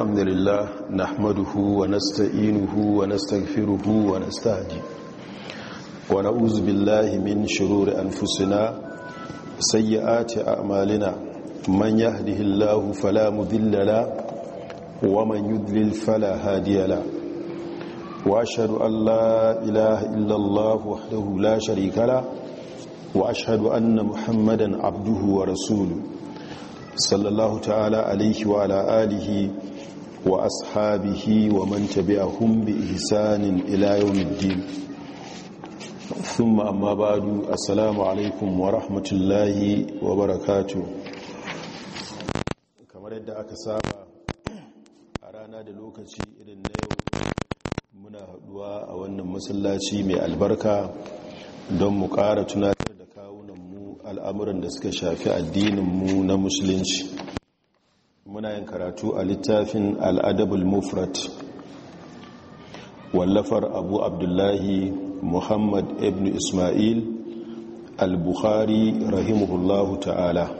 alhamdulillah na hamaduhu wa nasta'inuhu wa nastaghfiruhu wa nastahdi wa na'udhu billahi min shururi anfusina sayyiati a'malina man yahdihillahu fala mudilla la wa man yudlil fala hadiya la wa ashhadu an la ilaha illa allah wahdahu la sharika la wa ashhadu anna muhammadan abduhu wa rasuluhu sallallahu ta'ala alayhi wa ala alihi wa ashabihi wa man tabi'ahum bi ihsanin ila yawmiddin thumma amma ba'du assalamu alaikum wa rahmatullahi wa barakatu. kamar yadda aka saba a rana da lokaci irin na yau muna haɗuwa a wannan masallaci mai albarka don mu ƙara tunatar da kawunanmu al'amuran da suka shafi addinin mu na musulunci muna yin karatu a littafin al'adabul mufrat wallafar abu abdullahi muhammad ibn ismail al-bukhari rahimuhullahu ta'ala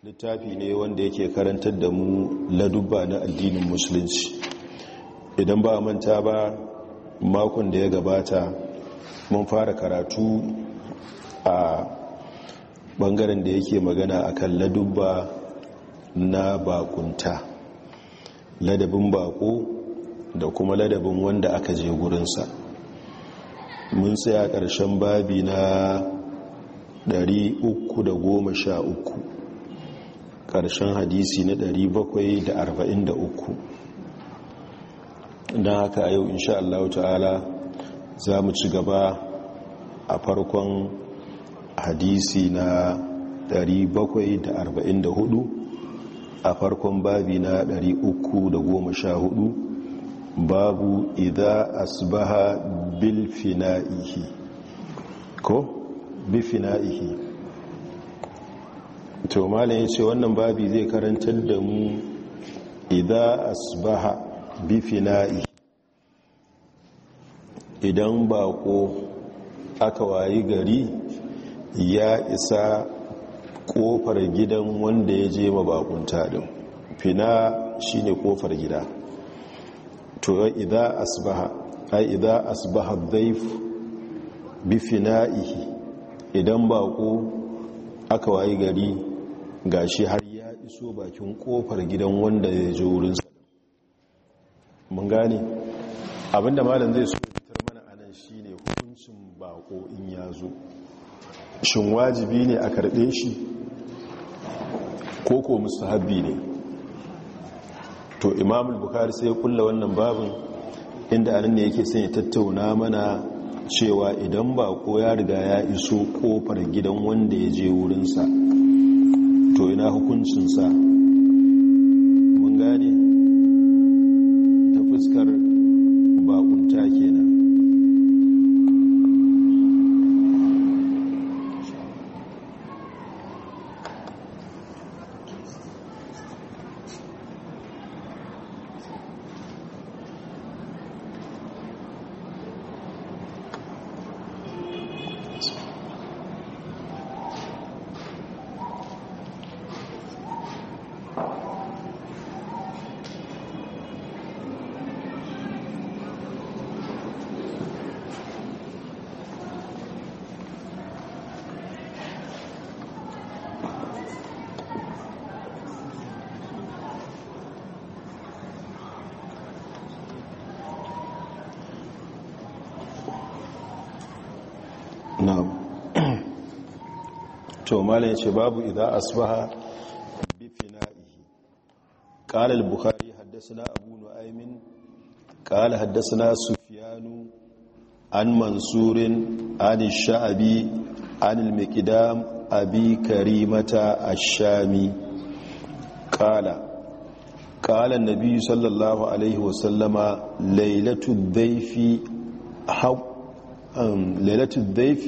littafi ne wanda yake karantar da mu ladubba na addinin musulunci idan ba manta ba makon da ya gabata mun fara karatu a ɓangaren da yake magana akan ladubba na bakunta ladabin bako da kuma ladabin wanda aka je gurinsa mun tsaya ƙarshen babi na 313 ƙarshen hadisi na 743 don haka a yau insha Allah ta'ala za mu ci gaba a farkon hadisi na 744 a farkon babi na 314 babu idha asbaha bil fina'ihi ko bi fina'ihi to ya ce wannan babi zai karantar da mu idha asbaha bi fina'ihi idan bako aka wayi gari ya isa kofar gidan wanda ya je mabakunta din fina shine kofar gida to idza asbaha ai idza asbaha dhayf bi fina'ihi idan bako aka wayi gari gashi har ya iso bakin kofar gidan wanda ya je wurin sa mun gane abinda malam zai so fitar mana anan shine hukuncin bako in ya zo shin wajibi ne a karbe shi koko musu habbi ne to imamul bukhari sai ya kulla wannan babin inda anan ne yake son ya tattauna mana cewa idan ba ko ya riga ya iso kofar gidan wanda ya je wurinsa to ina hukuncinsa malam yace babu idza asbaha bi fina'ihi qala al-bukhari haddathana abu nu'aymin qala haddathana sufyan an mansurin an sha'abi an al-miqdam abi karimata قال النبي صلى الله عليه وسلم ليلة الضيف حق الضيف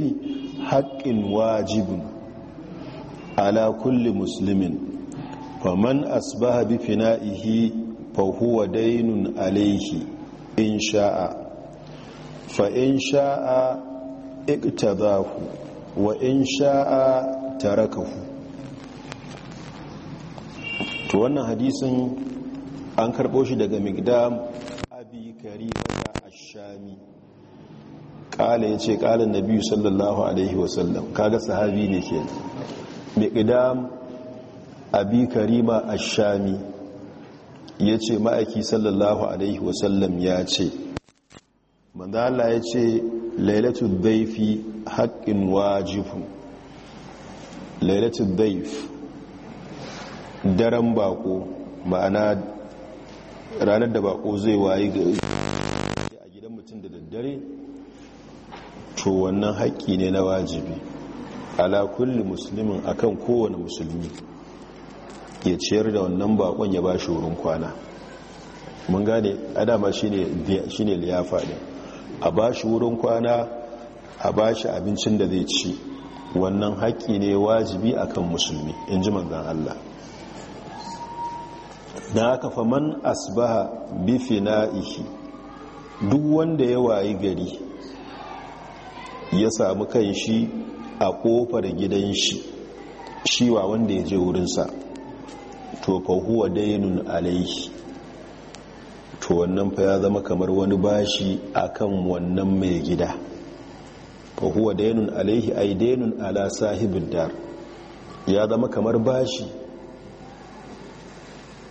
حق واجب ala kulli muslimin faman asbaha bi fina'ihi fa huwa dainun alaihi in sha'a fa in sha'a iqtadahu wa in sha'a tarakahu to wannan hadisin an karbo shi daga migdam abi karimata ash-shami kala yace kala nabi sallallahu alaihi wasallam kaga sahabi ne kenan biƙidam abi karima ashami ya ce ma'aiki sallallahu alaihi wasallam ya ce manzala ya ce lailatu daifi haƙƙin wajifu lailatu daif daren bako ma'ana ranar da bako zai waye. ga a gidan mutum da daddare to wannan haƙƙi ne na wajibi ala kulli muslimin akan kowane musulmi ya ciyar da wannan bakon ya ba shi wurin kwana mun gane adama shi ne liyafa ne a ba shi wurin kwana a ba shi abincin da zai ci wannan haƙƙi ne wajibi akan musulmi in ji manzan Allah na haka faman asbaha bifi na ishi. duk wanda ya wayi gari ya samu kan shi a kofar gidan shi shiwa wanda ya je wurinsa to fa huwa dainun alaihi to wannan fa ya zama kamar wani bashi kan wannan mai gida fa huwa dainun alaihi ay dainun ala sahibid dar ya zama kamar bashi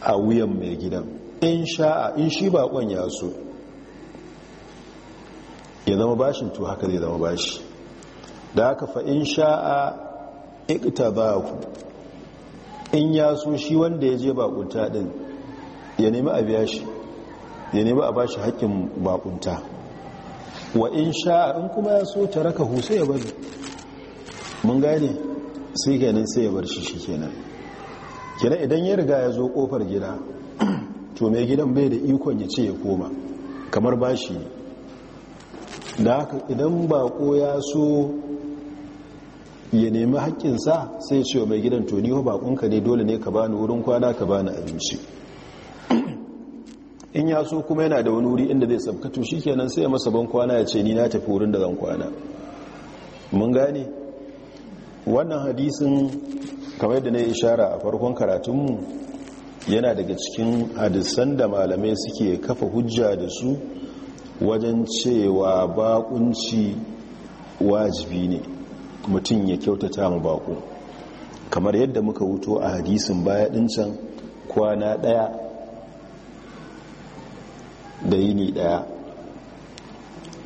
a wuyan mai gidan in sha'a in shi baƙon ya so ya zama bashin to haka zai zama bashi da haka fa'in sha'a ku. in ya so shi wanda ya je bakunta din ya nemi a biya shi ya nemi a ba shi haƙƙin bakunta wa in sha'a in kuma ya so ta raka husa ya bari mun gane sai ganin sai ya bar shi shi kenan kenan idan ya riga ya zo kofar gida to mai gidan bai da ikon ya ce ya koma kamar bashi ne da haka idan bako ya so ya nemi haƙƙinsa sai ce wa mai gidan to ni baƙonka ne dole ne ka bani wurin kwana ka bani abinci in ya so kuma yana da wani wuri inda zai sabkatu shi kenan sai ya masa ban kwana ya ce ni na tafi wurin da zan kwana mun gane wannan hadisin kamar da na yi ishara a farkon karatunmu yana daga cikin hadisan da malamai suke kafa hujja da su wajen cewa baƙunci wajibi ne mutum ya kyautata mu bako kamar yadda muka wuto a hadisin baya din can kwana ɗaya da yini ɗaya.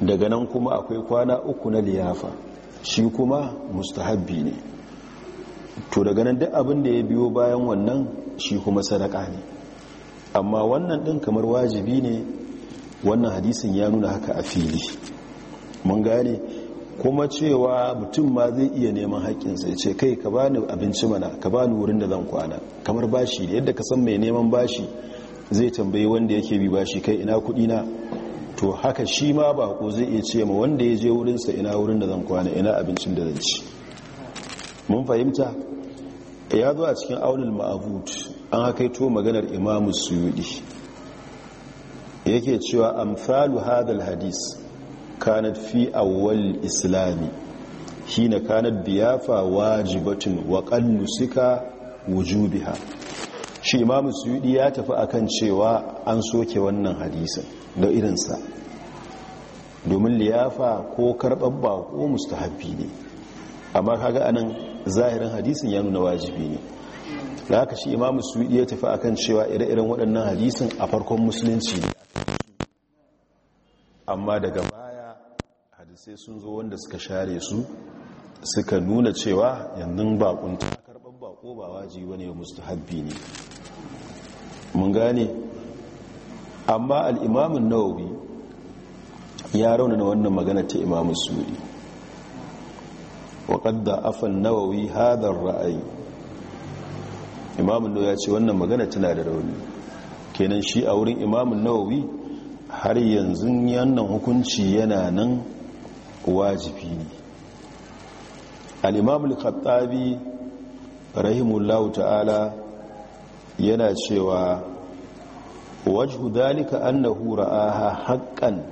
daga nan kuma akwai kwana uku na liyafa shi kuma mustahabbi ne to daga nan duk abin da ya biyo bayan wannan shi kuma sadaka ne amma wannan din kamar wajibi ne wannan hadisin ya nuna haka a fili mun gane kuma cewa mutum ma zai iya neman haƙƙinsa ya ce kai ka bani abinci mana ka bani wurin da zan kwana kamar bashi da yadda ka san mai neman bashi zai tambayi wanda yake bi bashi kai ina kuɗi na to haka shi ma ba ko zai iya ce ma wanda ya je wurinsa ina wurin da zan kwana ina abincin da zan ci mun fahimta ya zo a cikin aunin ma'abut an hakaito maganar imamu suyudi yake cewa amfalu hadal hadis kanat fi awwal islami hina kanat biyafa wajibatun wa qallu sika wujubiha shi Imam suyudi ya tafi akan cewa an soke wannan hadisin da irinsa domin liyafa ko karɓar bako mustahabbi ne amma kaga anan zahirin hadisin ya nuna wajibi ne da haka shi imamu suudi ya tafi akan cewa ire-iren waɗannan hadisin a farkon musulunci ne amma daga baya Sai sun zo wanda suka share su suka nuna cewa yanzu bakon ta karɓar bako ba waji wani Habbi ne mun gane amma al'imamin nawawi ya raunana wannan magana ta imamu suri waƙadda afan nawawi hadar ra'ayi imamun nawawi ya ce wannan magana tana da rauni kenan shi a wurin imamun nawawi har yanzu yannan hukunci yana nan wajibi ne al'imamul khattabi rahimullahu ta'ala yana cewa wajhu dalika annahu ra'aha haƙƙan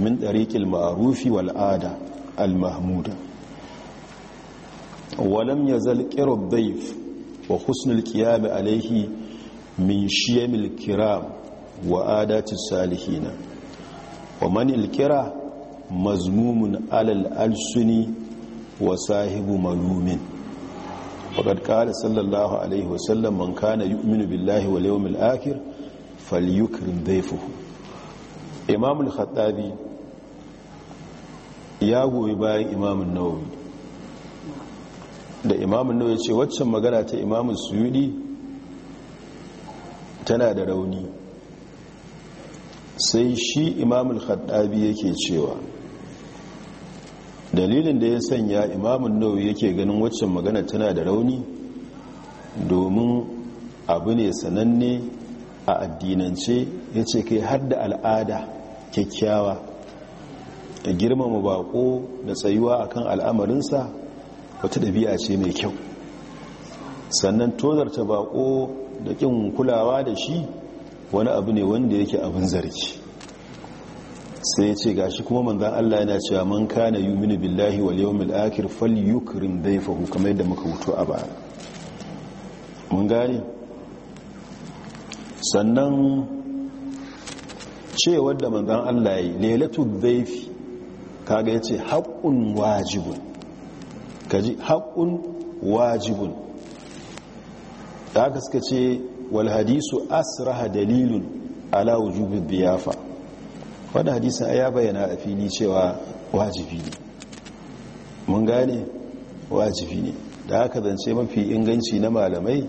min ɗariƙil ma'rufi wal'ada ada al mahmuda wa lam yazal qirab wa husnul ƙiyami alaihi min shiyamil kiram wa adati salihina wa manil kira mazmumun alal alsuni wa sahibu malumin faƙad ƙada sallallahu alaihi wasallam man kana yu'minu billahi wa yawmil akhir falyukrim dayfuhu imamul khattabi ya goyi bayan imamun nawawi da imamun nawawi ce waccan magana ta imamun suyudi tana da rauni sai shi imamul khattabi yake cewa dalilin da ya sanya imamun nau'i yake ganin waccan magana tana da rauni domin abu ne sananne a addinance ya ce kai har da al'ada kyakkyawa da girmama bako da tsayuwa akan al'amarinsa wata ɗabi'a ce mai kyau sannan tozarta bako da ƙin kulawa da shi wani abu ne wanda yake abin zargi sai ya ce ga shi kuma manzan Allah yana cewa man kana mini billahi wal fal akhir falyukrim fahu kamar yadda muka hutu a baya mun gane sannan cewa da manzan Allah yi lelatu zaifi kaga yace haƙun wajibun kaji haƙun wajibun ta haka suka ce wal hadisu asraha dalilun ala wujubi biyafa wadda hadisun ya bayyana a fili cewa wajibi ne mun gane wajibi ne da aka zance mafi inganci na malamai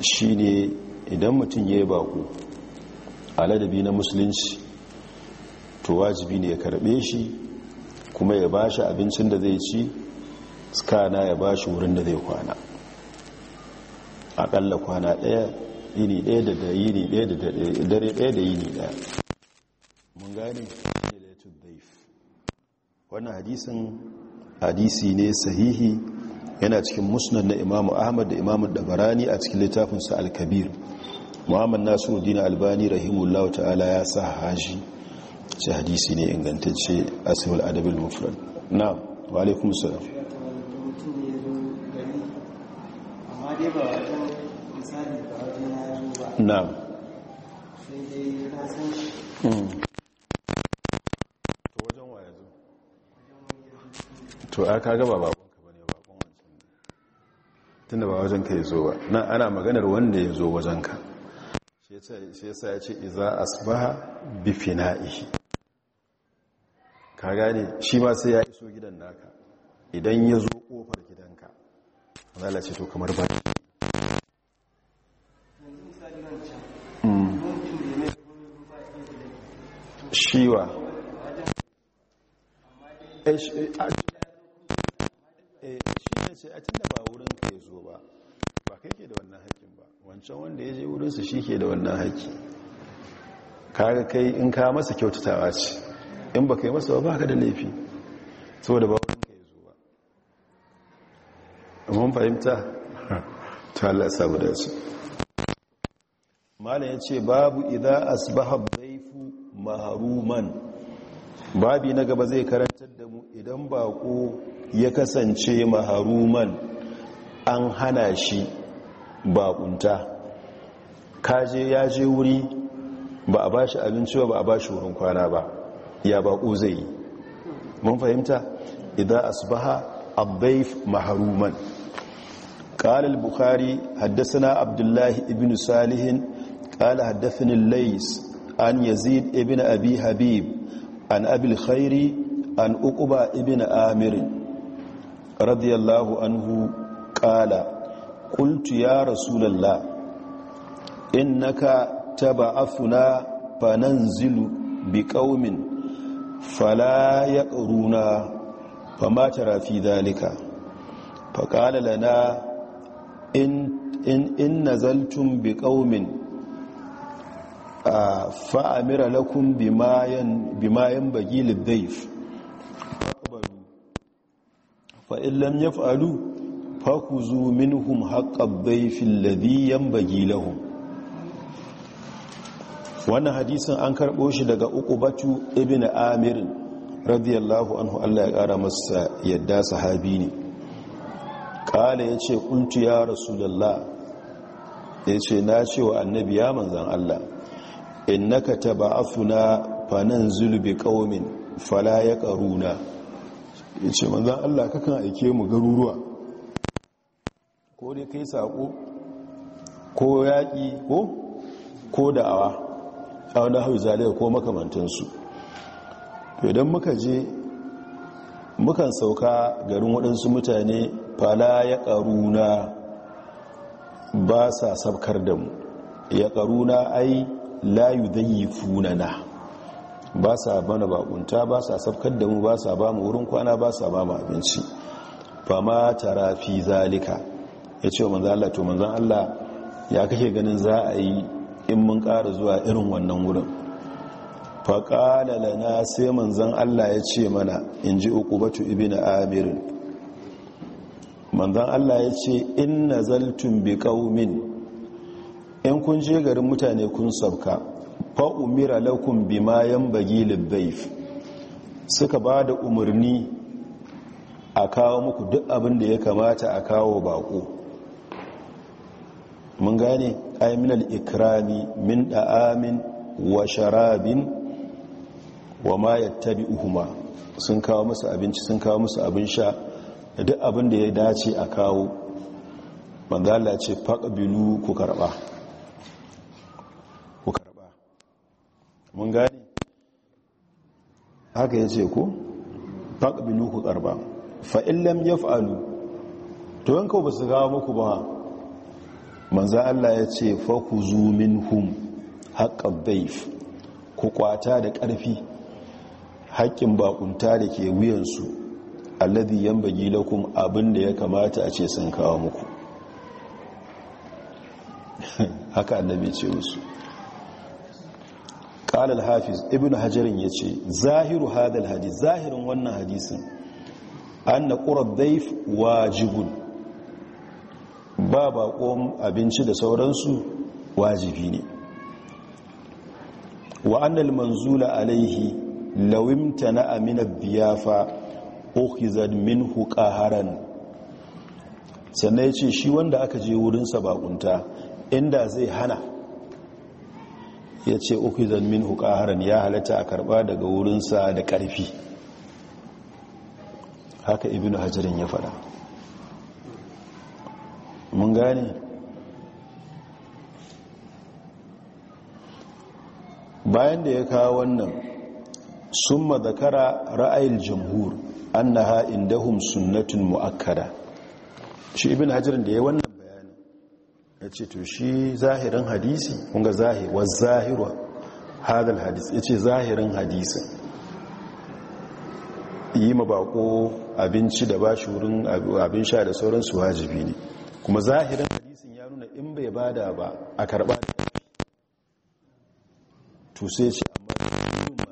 shine idan mutum ya yi bako aladabi na musulunci to wajibi ne ya karbe shi kuma ya ba shi abincin da zai ci skana ya ba shi wurin da zai kwana aƙalla kwana ɗaya yini ɗaya da dare ɗaya da yini ɗaya mun gane hilatul wannan hadisin hadisi ne sahihi yana cikin musnad na Imam Ahmad da Imam Dabarani a cikin littafin sa Al-Kabir Muhammad Nasiruddin Albani rahimullahu ta'ala ya sa haji ce hadisi ne ingantacce asihul adabil mufrad Na, wa alaikum salam na'am sai dai to a kaga ba bakonka ba ne bakon wancan tunda ba wajen ka ya zo ba nan ana maganar wanda ya zo wajen ka shi yasa ya ce iza asbaha bi fina'ihi ka gane shi ma sai ya iso gidan naka idan ya zo kofar gidanka ce to kamar ba shiwa hmm. ce a tunda ba wurin ka ya zo ba ba kai ke da wannan haƙƙin ba wancan wanda ya je wurinsa shi ke da wannan haƙƙi kaga kai in ka masa kyautatawa ce in ba kai masa ba ka da laifi saboda ba wurin ka ya zo ba mun fahimta ta Allah sabu da su malam ya ce babu idan asbaha fi mahruman babi na gaba zai karantar da mu idan bako ya kasance maharuman an hana shi bakunta kaje ya je wuri ba a ba shi abinci ba a ba shi wurin kwana ba ya bako zai yi mun fahimta idan asbaha abbaif maharuman قال البخاري حدثنا عبد الله بن صالح قال حدثني الليث عن يزيد بن أبي حبيب an abil khairi an uquba ibn amir radiyallahu anhu qala qultu ya rasulullah innaka taba'afuna fananzilu biqaumin fala yaqruna fama tara fi dhalika faqala lana in in nazaltum biqaumin fa'amira lakum bimayen bagi liddaif faƙabalu fa'illam ya fa'alu faƙuzu minhum haƙa daifin ladiyan bagi wannan hadisun an karɓo shi daga uku batu ibn amirin radiyallahu anhu Allah ya ƙara masa yadda sahabi ne ƙala ya ce ƙuntu ya rasu da allah ya ce na ce wa annabi ya manzan Allah innaka fanan fananzilu biqaumin fala yaqruna yace manzon Allah kakan aike mu garuruwa ko dai kai sako ko yaƙi ko ko da'awa a wani hau zalika ko makamantansu idan muka je mukan sauka garin waɗansu mutane fala ya ƙaruna ba sa sabkar da mu ya ƙaruna ai zai la funana ba sa bana bakunta ba sa safkar da mu ba sa ba mu wurin kwana ba sa ba mu abinci ma tara fi zalika wa manzan Allah to manzan Allah ya kake ganin za a yi in mun ƙara zuwa irin wannan wurin faƙala na sai manzan Allah ya ce mana in ji uqubatu ibnu amirin manzan Allah ya ce in zaltun bi ƙaumin in kun je garin mutane kun sauka umira laukun 'yan bagi libbaif suka ba da umarni a kawo muku duk abin da ya kamata a kawo baƙo mun gane aiminal ikrami min da'amin wa sharabin wa ma uhuma sun kawo musu abinci sun kawo musu abin sha duk abin da ya dace a kawo Magala ce faƙabilu ku karba. mun gane haka ya ce ko nuhu ku ƙarba fa'illam ya fa'alu to yanka ba su gawa muku ba manzan Allah ya ce faku zumin hum haƙƙar daif ku kwata da ƙarfi haƙƙin baƙunta da ke wuyansu alladhi yanbaghi lakum abinda ya kamata a ce sun kawo muku haka annabi ce musu قال الحافظ ابن حجر يتي ظاهر هذا الحديث ظاهر wannan hadisin anna qurab dayf wajibun ba baƙon abinci da sauransu wajibi ne wa al manzula alaihi lawimta na amina biyafa ukhizad minhu qaharan sannan yace shi wanda aka je wurin sa baƙunta, inda zai hana ya ce uku zanmin haran ya halatta a karba daga wurinsa da ƙarfi haka ibn hajjarin ya fada mun gane bayan da ya kawo wannan sun mazakara ra'ayil jamhur annaha indahum sunnatun mu'akkada shi ibn hajjarin da ya wannan ya ce to shi zahirin hadisi kunga zahir wa zahirwa hadal hadisi ya ce zahirin hadisin yi ma bako abinci da ba shi wurin abin sha da sauransu wajibi ne kuma zahirin hadisin ya nuna in bai bada ba a karba da to sai ce amma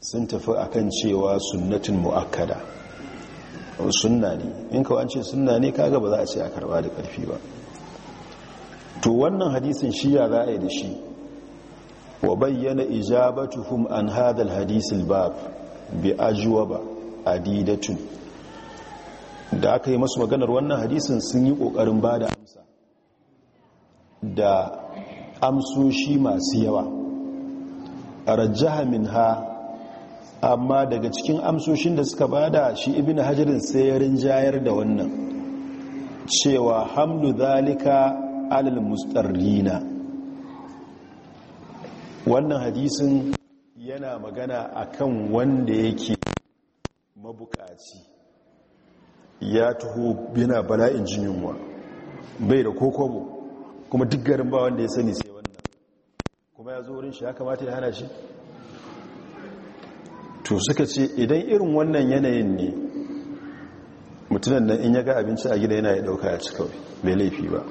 sun tafi akan cewa sunnatin mu'akkada sunna ne in kawai an ce sunna ne kaga ba za a ce a karba da karfi ba to wannan hadisin shi ya za a yi da shi wa bayyana ijabatu ijabatuhum an hadal hadisil bab bi ajwaba adidatun da aka yi masu maganar wannan hadisin sun yi kokarin bada amsa da amsoshi masu yawa a rajjaha min ha amma daga cikin amsoshin da suka bada shi ibn hajarin sai ya rinjayar da wannan cewa hamlu zalika alal mustarrina wannan hadisin yana magana a kan wanda yake mabukaci ya taho yana bala'in jin yunwa bai da kokobo kuma duk garin ba wanda ya sani sai wannan kuma ya zo wurin shi ya kamata ya hana shi to suka ce idan irin wannan yanayin ne mutunan nan in ya ga abinci a gida yana ya dauka ya ci kawai bai laifi ba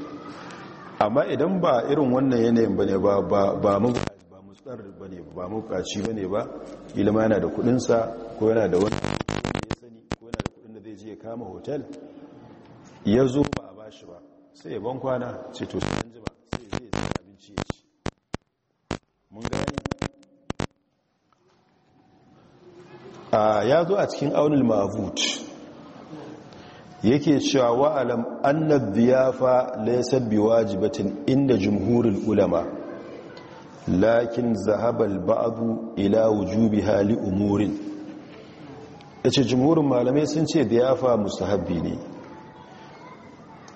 amma idan ba irin wannan yanayin ba ne ba ba mutsar ba ne ba mabukaci ba ba ilima yana da kudinsa ko yana da wani ya sani ko yana da kudin da zai je kama hotel ya zo ba a bashi ba sai ya ban kwana ce to sai an ji ba sai zai abinci ya ci mun gani ya zo a cikin aunin mabut yake cewa wa'alam annab biyafa laisar biwajibatin inda jumhurin ulama lakin zahabal ba'adu ila wujubi hali umurin ya ce jumhurin malamai sun ce biyafa mustahabbi ne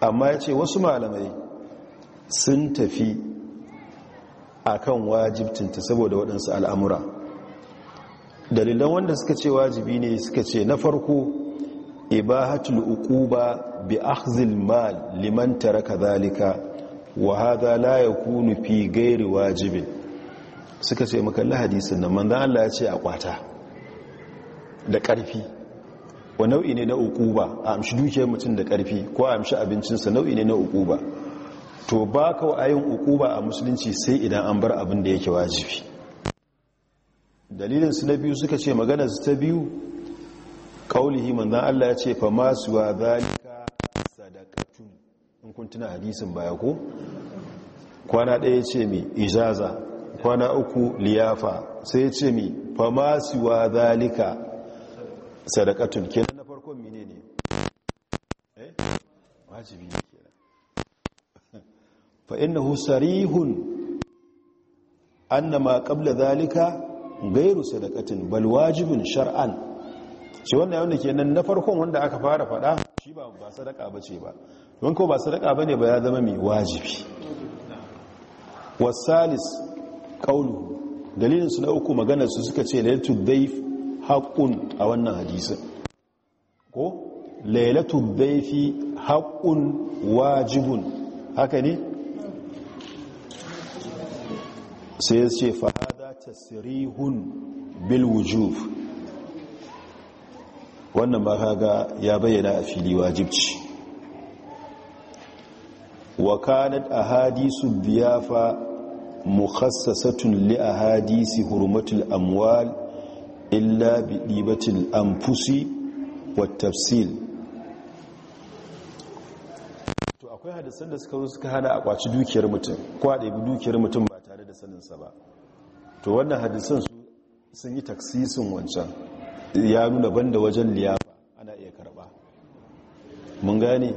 amma ya ce wasu malamai sun tafi akan wajibtinta saboda waɗansu al'amura dalilan wanda suka ce wajibi ne suka ce na farko ibahatul uquba bi akhzil mal liman taraka zalika wa hadha la yakunu fi ghairi wajibin suka ce makalli hadisin nan manzo Allah ya ce a kwata da karfi wa nau'i ne na uquba a amshi dukiyar mutum da karfi ko a amshi abincinsa nau'i ne na uquba to ba ka ayin uquba a musulunci sai idan an bar abin da yake wajibi dalilinsu na biyu suka ce maganarsu ta biyu kaulihi manzan Allah ya ce fa masu wa zalika sadakatun in kun tuna hadisin baya ko kwana ɗaya ce mi ijaza kwana uku liyafa sai ce mi fa masu wa zalika sadakatun kenan na farkon mine ne eh? wajibi ne kenan fa innahu husarihun annama qabla zalika gairu sadakatin bal wajibin shar'an shi wannan yawon da ke nan na farkon wanda aka fara fada shi ba sadaka ba ce ba don ko ba sadaka ba ne ba ya zama mai wajibi wasalis ƙaulu su na uku maganar su suka ce lailatul daif haƙun a wannan hadisun ko lailatul daifi haƙun wajibun haka ne sai ya ce fahar tasrihun bil wujub wannan ba kaga ya bayyana a fili wajibci wa kanat ahadisu biyafa mukhassasatun li ahadisi hurmatul amwal illa bi dibatil anfusi wat tafsil to akwai hadisan da suka zo suka hana a kwaci dukiyar mutum ko a dukiyar mutum ba tare da saninsa ba to wannan hadisan sun yi taksisin wancan ya nuna banda wajen liyafa ana iya karba mun gane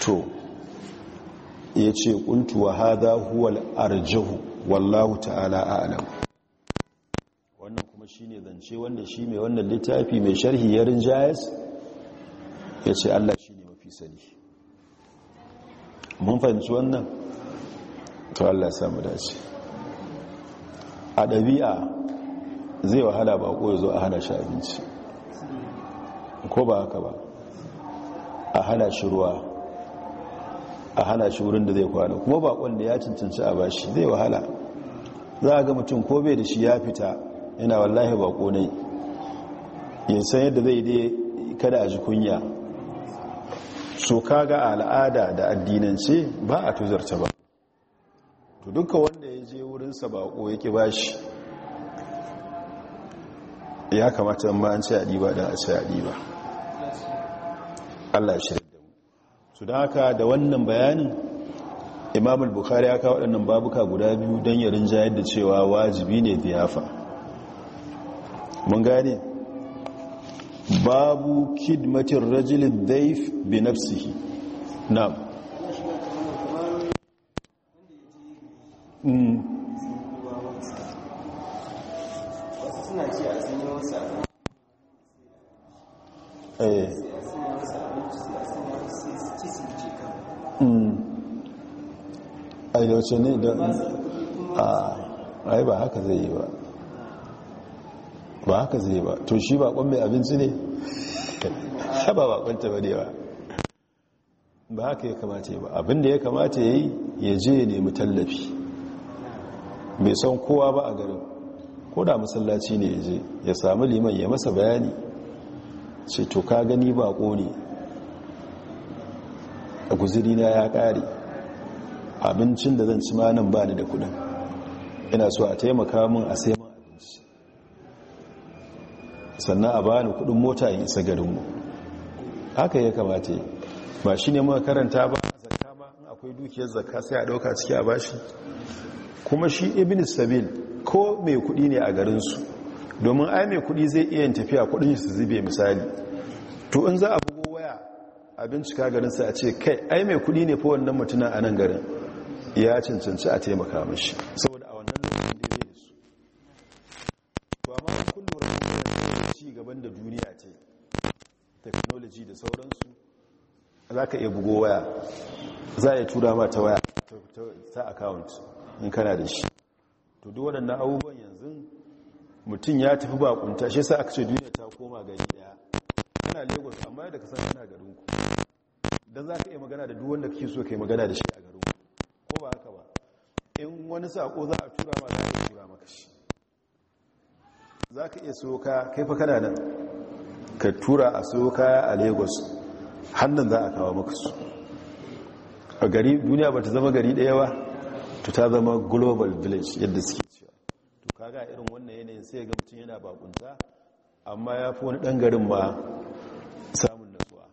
to ya ce kuntuwa haza huwal arjihu wallahu ta'ala a'lam wannan kuma shine zance wanda shi mai wannan littafi mai sharhi yarin jayas ya ce Allah shi ne mafi sani mun fahimci wannan to Allah samu dace a ɗabi'a zai wahala ba ko zo a hana shi abinci ko ba haka ba a hana shi ruwa a hana shi wurin da zai kwana kuma bakon da ya cancanci a bashi zai wahala za a ga mutum ko bai da shi ya fita yana wallahi bako ne san yadda zai dai kada a ji kunya so kaga al'ada da addinance ba a tuzarta ba to duka wanda ya je wurinsa bako yake bashi ya kamata ma an ce a ba a ce a ba. allah shi da mu to dan haka da wannan bayanin imamul Bukhari ya kawo waɗannan babuka guda biyu dan ya rinja da cewa wajibi ne diyafa mun gane babu kidmatin rajulid dayf bi nafsihi na'am suna mm. eh. mm. ne da a rai ba haka zai yi ba ba haka zai yi ba to shi bakon mai abinci ne ba bakon ta bane ba ba haka ya kamata kamace ba abinda ya kamata ya yi ya je ya nemi tallafi bai san kowa ba a garin ko da masallaci ne ya je ya sami liman ya masa bayani ce to ka gani ba ne a guzirina ya kare abincin da zan ci ma nan ba ni da kudin ina so a taimaka min a sai abinci sannan a bani kudin mota in isa garinmu haka ya kamata ba shi ne makaranta ba zakka ba akwai dukiyar zakka sai a dauka ciki a bashi kuma shi ibn sabil ko mai kudi ne a garinsu domin ai mai kudi zai iya yin tafiya kudin su zube misali to in za a bugo waya a bincika garinsa a ce kai ai mai kudi ne fa wannan mutuna a nan garin ya cancanci a taimaka mashi saboda a wannan lokacin da zai su to amma kun lura da ci gaban da duniya ce technology da sauransu za ka iya bugo waya za a iya tura ta waya ta account in kana da shi to duk waɗannan abubuwan yanzu mutum ya tafi bakunta shi sa aka ce duniya ta koma gari daya kana lagos amma da ka san kana ku. don za ka iya magana da duk wanda kake so ka yi magana da shi a ku, ko ba haka ba in wani sako za a tura ma za a tura maka shi za ka iya soka kai fa kana nan ka tura a soka a lagos hannun za a kawo maka su a gari duniya ba ta zama gari ɗaya ba to ta zama global village yadda suke cewa to kaga irin wannan yanayin sai ga mutum yana bakunta amma ya fi wani ɗan garin ma samun nasuwa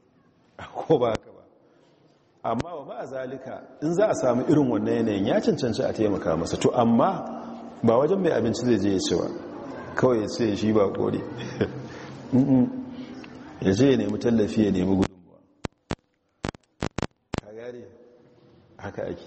ko ba haka ba amma wa ma'a zalika in za a samu irin wannan yanayin ya cancanci a taimaka masa to amma ba wajen mai abinci zai je ya ce ba kawai ya ce shi ba kore ya je ya nemi tallafi ya nemi gudunmuwa ka gare haka ake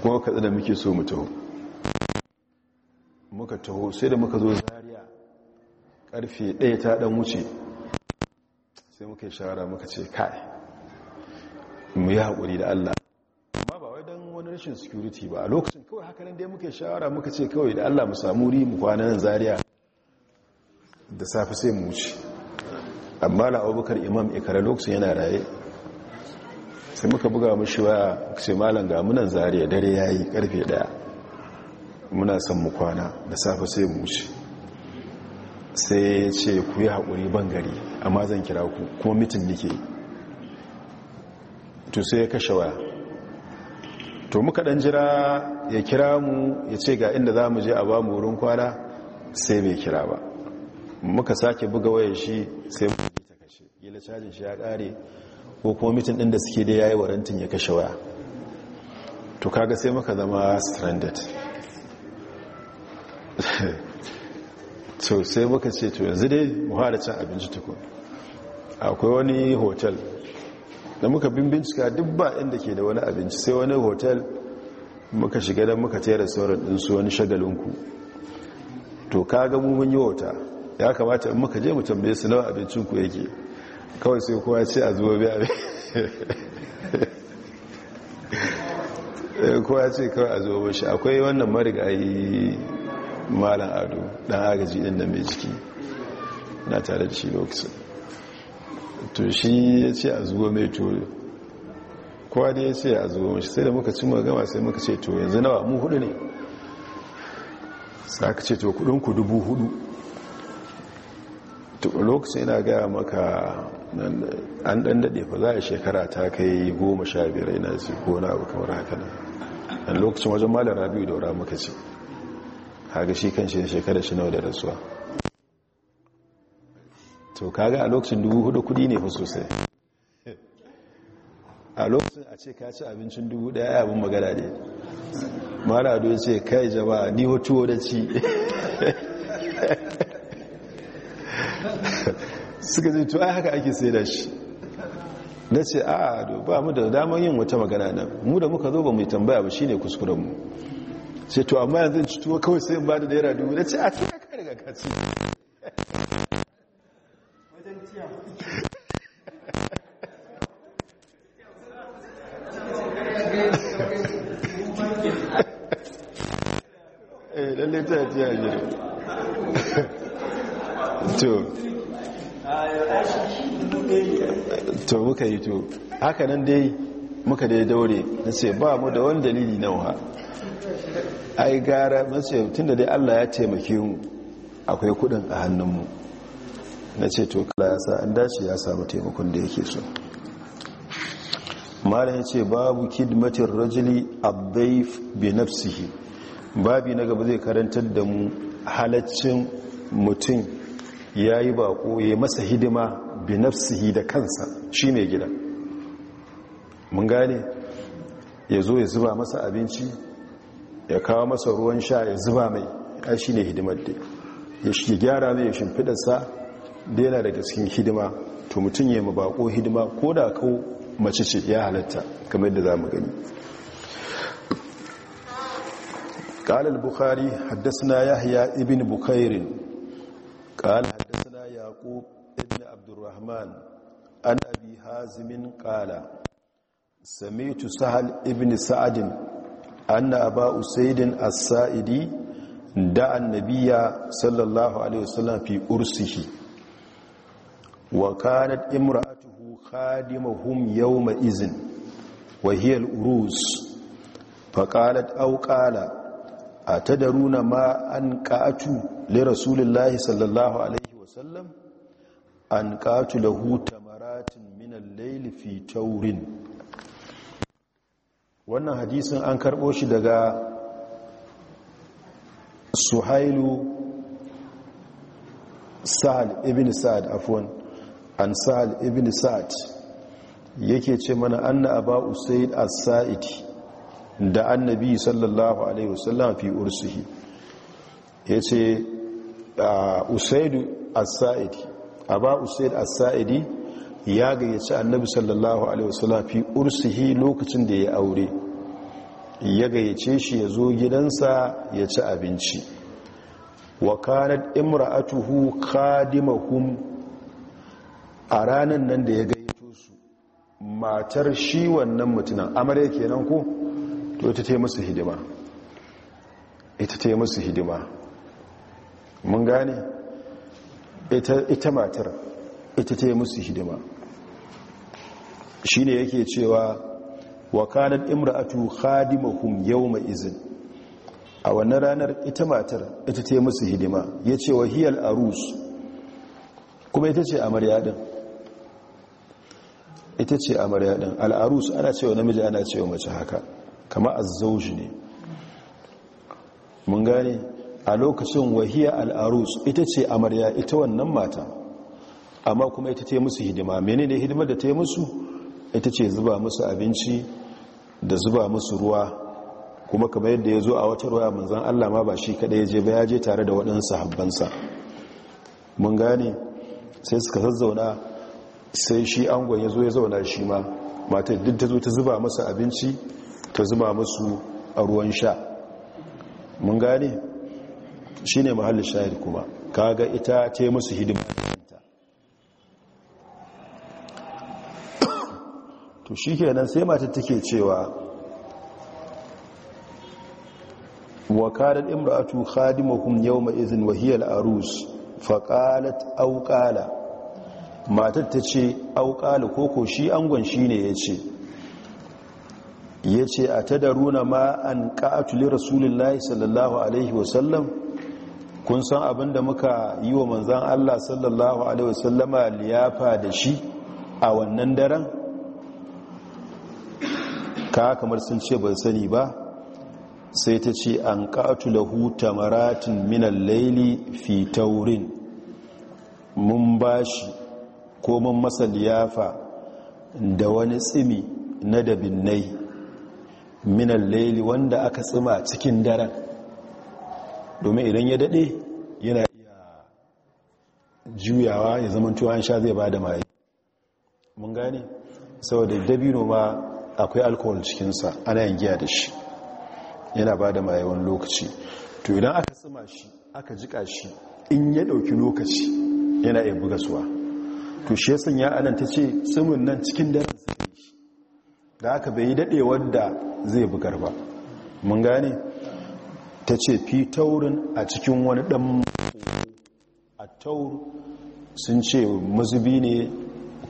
kuma katsi da muke so mu taho muka taho sai da muka zo zariya karfe daya ta ɗan wuce sai muka yi shawara muka ce kai mu yi haƙuri da Allah amma ba wai don wani rashin security ba a lokacin kawai haka nan dai muka yi shawara muka ce kawai da Allah mu samu wuri mu nan zariya da safe sai mu wuce amma imam ikara lokacin yana raye sai muka buga mashi waya sai malam ga munan zariya dare yayi karfe daya muna san mu kwana da safe sai mu wuce sai ya ce ku yi haƙuri bangare amma zan kira ku kuma mitin nike to sai ya kashe waya to muka dan jira ya kira mu ya ce ga inda za mu je a ba mu wurin kwana sai bai kira ba muka sake buga wayar shi sai mu ta kashe gila cajin shi ya ƙare ko kuma mitin ɗin da suke da yayi warantin ya kashe waya to kaga sai muka zama stranded to sai muka ce to yanzu dai mu fara cin abinci tukun akwai wani hotel da muka bincika duk ba inda ke da wani abinci sai wani hotel muka shiga don muka tera sauran ɗinsu wani shagalinku to kaga mu mun yi wata ya kamata in muka je mu tambaye su nawa abincinku yake kawai sai kowa ce a zuwa biya eh, kowa ce kawai a zuwa bashi akwai wannan marigayi malan ado dan agaji din da mai jiki na tare da shi lokacin to shi ya ce a zuwa mai tori kowa da ya ce a zuwa mashi sai da muka ci gama sai muka ce to yanzu nawa mu hudu ne sa ka ce to kudinku dubu hudu lokacin yana gaya maka an dan daɗe fa za a shekara ta kai goma sha biyar ina ce ko na abu kamar haka ne a lokacin wajen malar rabi'u daura muka ce kaga shi kan shi shekara shi nawa da rasuwa to kaga a lokacin dubu hudu kudi ne fa sosai a lokacin a ce ka ci abincin dubu daya abin magana ne mara ado ya ce kai jaba ni wa da ci suka zai tuwa haka ake sai da shi na ce a ba mu da damar yin wata magana nan mu da muka zo ba mai tambaya ba shine kuskurenmu sai to amma yanzu ci tuwa kawai sai ba da naira dubu na ce a ce ka daga kaci eh, lalle ta to muka yi to haka nan dai muka dai daure na ce ba mu da wani dalili na wuha ai gara mace tun da dai allah ya taimake mu akwai kudin a hannunmu na ce to kala ya sa an dace ya samu taimakon da yake so malam ya ce babu kidmatin a abdaif bi nafsihi babi na gaba zai karantar da mu halaccin mutum ya yi bako ya masa hidima bi nafsihi da kansa shi mai gida mun gane ya zo ya zuba masa abinci ya kawo masa ruwan sha ya zuba mai ya shi ne hidimar da ya shi gyara mai ya shimfidarsa da yana daga cikin hidima to mutum ya ma bako hidima ko da kawo mace ce ya halatta kamar da za mu gani قال البخاري حدثنا يحيى ابن Bukairin قال yaqub ibn abdurrahman an abi hazimin ƙala. sami'tu sahal ibn Sa'adin anna aba usayd as-sa'idi da annabiya sallallahu alaihi wasallam fi ursihi wa kanat imra'atuhu khadimahum yawma izin wa hiya al-urus فقالت أو قال أتدرون ما أنقأت لرسول li صلى الله عليه wasallam an qatulahu tamaratin min al-layl fi taurin wannan hadisin an karbo shi daga suhailu sa'ad ibn sa'ad afwan an sa'ad ibn sa'ad yake ce mana anna aba usaid as-sa'idi da annabi sallallahu alaihi wasallam fi ursihi yace ah, usaidu as-sa'idi aba usaid as-sa'idi ya gayyaci annabi sallallahu alaihi wasallam fi ursihi lokacin da ya aure ya gayyace shi ya zo gidansa ya ci abinci wa kanat imra'atuhu khadimahum a ranan nan da ya gayyato su matar shi wannan mutunan amarya kenan ko to ita ta yi musu hidima ita ta musu hidima mun gane ita matar ita ta yi musu hidima shi ne yake cewa wakanan imra'atu khadimahum yawma izin a wannan ranar ita matar ita ta yi musu hidima ya ce wa hiyar arus kuma ita ce amarya din ita ce amarya din al'arus ana cewa namiji ana cewa mace haka kama azzauji ne mun gane a lokacin wahiya al'arus ita ce amarya ita wannan mata amma kuma ita ce musu hidima menene hidimar da ta yi musu ita ce zuba musu abinci da zuba musu ruwa kuma kamar yadda ya zo a wata ruwa manzan Allah ma ba shi kada ya je ba ya je tare da waɗansu habbansa mun gane sai suka zazzauna sai shi angon ya zo ya zauna shi ma matar duk ta zo ta zuba masa abinci ta zuba musu a ruwan sha mun gane shi ne mahallin shahid kuma kaga ita ce musu hidima to shi kenan sai mata take cewa wakarar imra'atu khadimakum yawma izin wahiyal arus faqalat aw qala matar ta aw qala koko shi angon shine yace yace atadaruna ma an qa'atu li rasulillahi sallallahu alaihi wasallam kun san abin da muka yi wa manzan Allah sallallahu Alaihi wasallama liyafa da shi a wannan daren ka kamar sun ce ban sani ba sai ta ce an ƙatu huta tamaratin minan laili fi taurin mun shi ko mun masa liyafa da wani tsimi na dabinnai minan laili wanda aka tsima cikin daren domin idan ya daɗe yana iya juyawa ya zama tuwa sha zai ba da maye mun gane saboda dabino ma akwai alkohol cikinsa ana yin giya da shi yana ba da maye wani lokaci to idan aka sama shi aka jika shi in ya ɗauki lokaci yana iya buga suwa to shi yasan ya ananta ce tsimin nan cikin daren suke shi da aka bai yi daɗe wadda zai bugar ba mun gane ta ce fi taurin a cikin wani ɗan a taur sun ce mazubi ne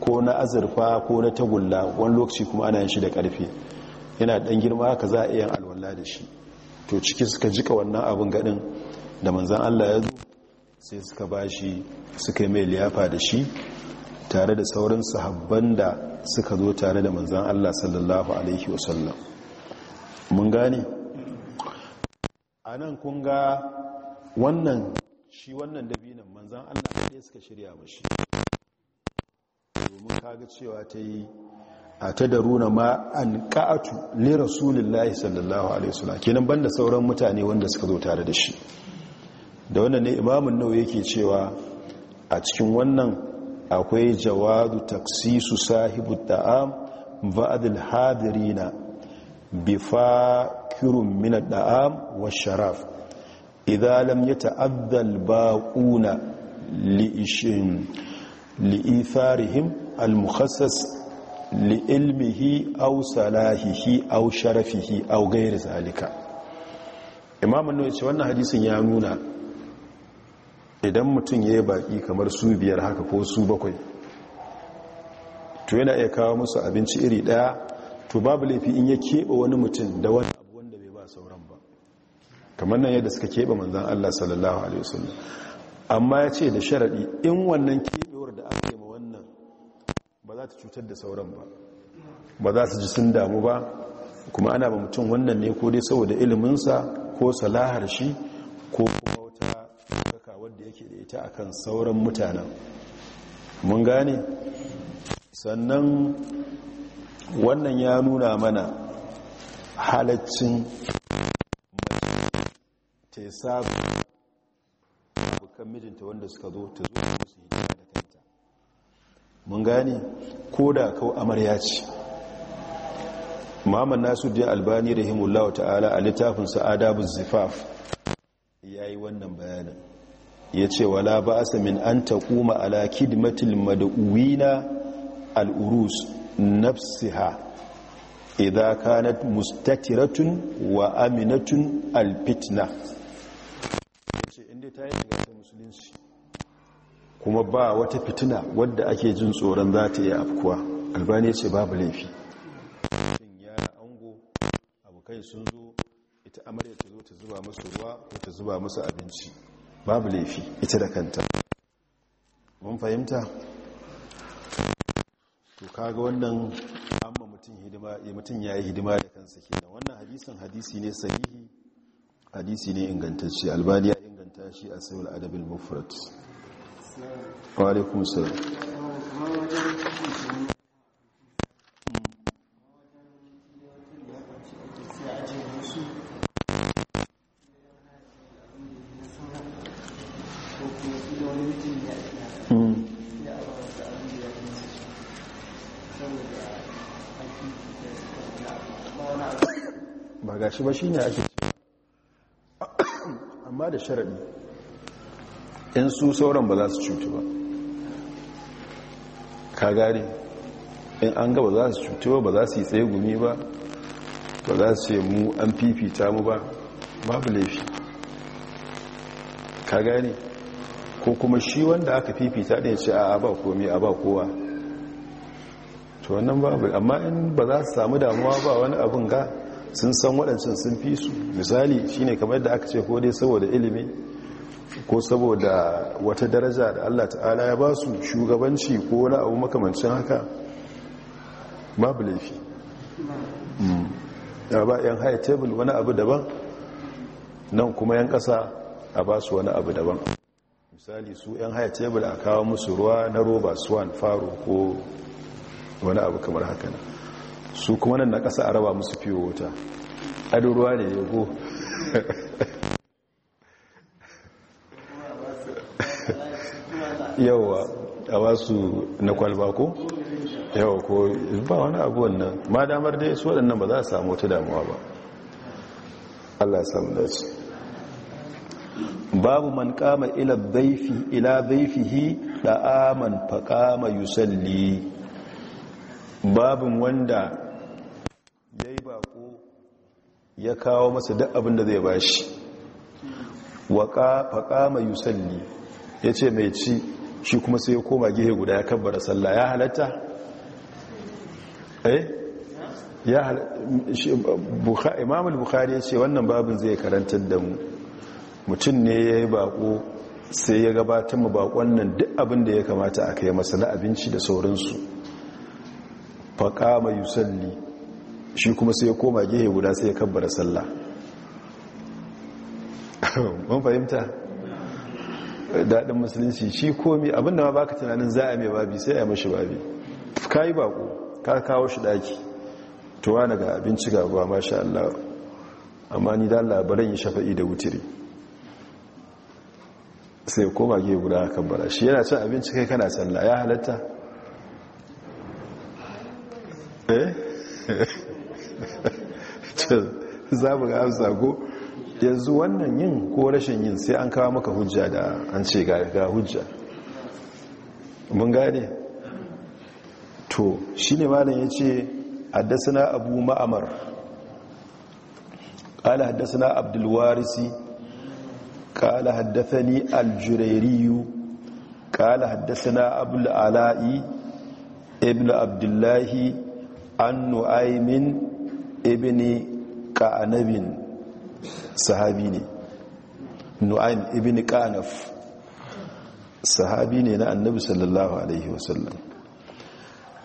ko na azurfa ko na tagulla wani lokaci kuma ana yin shi da ƙarfi yana ɗan girma haka za a iya alwala da shi to ciki suka jika wannan abin gaɗin da manzan allah ya zo sai suka ba shi suka yi mai liyafa da shi tare da sauran sahabban da suka zo tare da manzan allah sallallahu alaihi wasallam mun gane a nan kun ga wannan shi wannan dabinan manzan allah ɗaya suka shirya mashi domin kaga cewa ta yi a ta daruna ma an ka'atu ne rasulullahi sallallahu alaihi wasallam kenan banda sauran mutane wanda suka zo tare da shi da wannan ne imamun nawa yake cewa a cikin wannan akwai jawazu taksisu sahibu ta'am ba'dil hadirina bi kafirun min al daam wa sharaf idza lam yata'adda al-baquna li'ishin li'itharihim al-mukhassas li'ilmihi aw salahihi aw sharafihi aw ghayr zalika imam annu ce wannan hadisin ya nuna idan mutum yayi yi baki kamar su biyar haka ko su bakwai to yana iya kawo musu abinci iri daya to babu laifi in ya keɓe wani mutum da wani kamar nan yadda suka keɓe manzan Allah sallallahu alaihi wasallam amma ya ce da sharaɗi in wannan keɓewar da aka yi ma wannan ba za ta cutar da sauran ba ba za su ji sun damu ba kuma ana ba mutum wannan ne ko dai saboda iliminsa ko salahar shi ko kuma wata kaka wadda yake da ita akan sauran mutanen mun gane sannan wannan ya nuna mana halaccin ta sabu abokan mijinta wanda suka zo ta zo da su hijira da kanta mun gane ko da kawo amarya ce muhammad da albani rahimullahu ta'ala a littafin sa'ada bu zifaf ya yi wannan bayanin ya ce wala ba a samin an taƙuma ala kidmatil madawina al'urus nafsiha idan kanat mustatiratun wa aminatun alfitna ta yi ta musulunci kuma ba wata fitina wadda ake jin tsoron za ta yi afkuwa albani ce babu laifi shin yara ango abokai sun zo ita amarya ta zo ta zuba masu ruwa ko ta zuba masu abinci babu laifi ita da kanta mun fahimta to kaga wannan amma mutum hidima mutum yayi hidima da kansa kenan wannan hadisin hadisi ne sahihi hadisi ne ingantacce albani karanta shi a sayul adabin mufrat farikun sayar hmm. hmm. ba ga shi ba shi ne ake amma da sharaɗi in su sauran ba za su cutu ba ka gari in an gaba za su cutu ba ba za su yi tsaye gumi ba ba za su ce mu an fifita mu ba babu laifi ka gari ko kuma shi wanda aka fifita ɗin ce a ba komi a ba kowa to wannan babu amma in ba za su samu damuwa ba wani abin ga sun san waɗancan sun fi su misali shine kamar da aka ce ko dai saboda ilimi ko saboda wata daraja da Allah ta'ala ya ba su shugabanci ko wani abu makamancin haka babu laifi hmm. ya ba yan high table wani abu daban nan kuma yan ƙasa a ba su wani abu daban misali su yan high table a kawo musu ruwa na roba swan faro ko wani abu kamar haka na su kuma nan na ƙasa a raba musu fiye wuta adon ruwa ne yago yawa a wasu na kwalba ko yawa ko ba wani abu nan ma damar dai su waɗannan ba za a samu wata damuwa ba allah samu dace babu man kama ila baifi ila baifihi da aman fa kama yusalli babin wanda ya kawo masa duk abin da zai ba shi faƙama yusalli ya ce mai ci shi kuma sai ya koma gihe guda ya kabbara sallah ya halatta? eh? ya imamul bukhari ya ce wannan babin zai karantar da mu mutum ne ya yi bako sai ya gabatar mu bakon nan duk abin da ya kamata a kai masa abinci da sauransu faƙama yusalli shi kuma sai ya koma gehe guda sai ya kabbara sallah mun fahimta daɗin musulunci shi komi abinda ma baka tunanin za a mai babi sai a mashi babi ka yi bako ka kawo shi ɗaki tuwa daga abinci ga ruwa masha Allah amma ni da labaran yi shafa'i da wutiri sai koma gehe guda a kabbara shi yana cin abinci kai kana sallah ya halatta eh za mu ga amsa ko yanzu wannan yin ko rashin yin sai an kawo maka hujja da an ce ga hujja mun gane to shi ne malin ya ce haddasa abu ma'amar ƙala haddasa na abdulwarisi ƙala haddasa ni aljurairiyu ƙala haddasa na abul'ala'i ibn abdullahi an nu'aimin ibini ka'anabin sahabi ne nu'ayin ibini ka'anaf sahabi ne na annabi sallallahu alaihi wasallam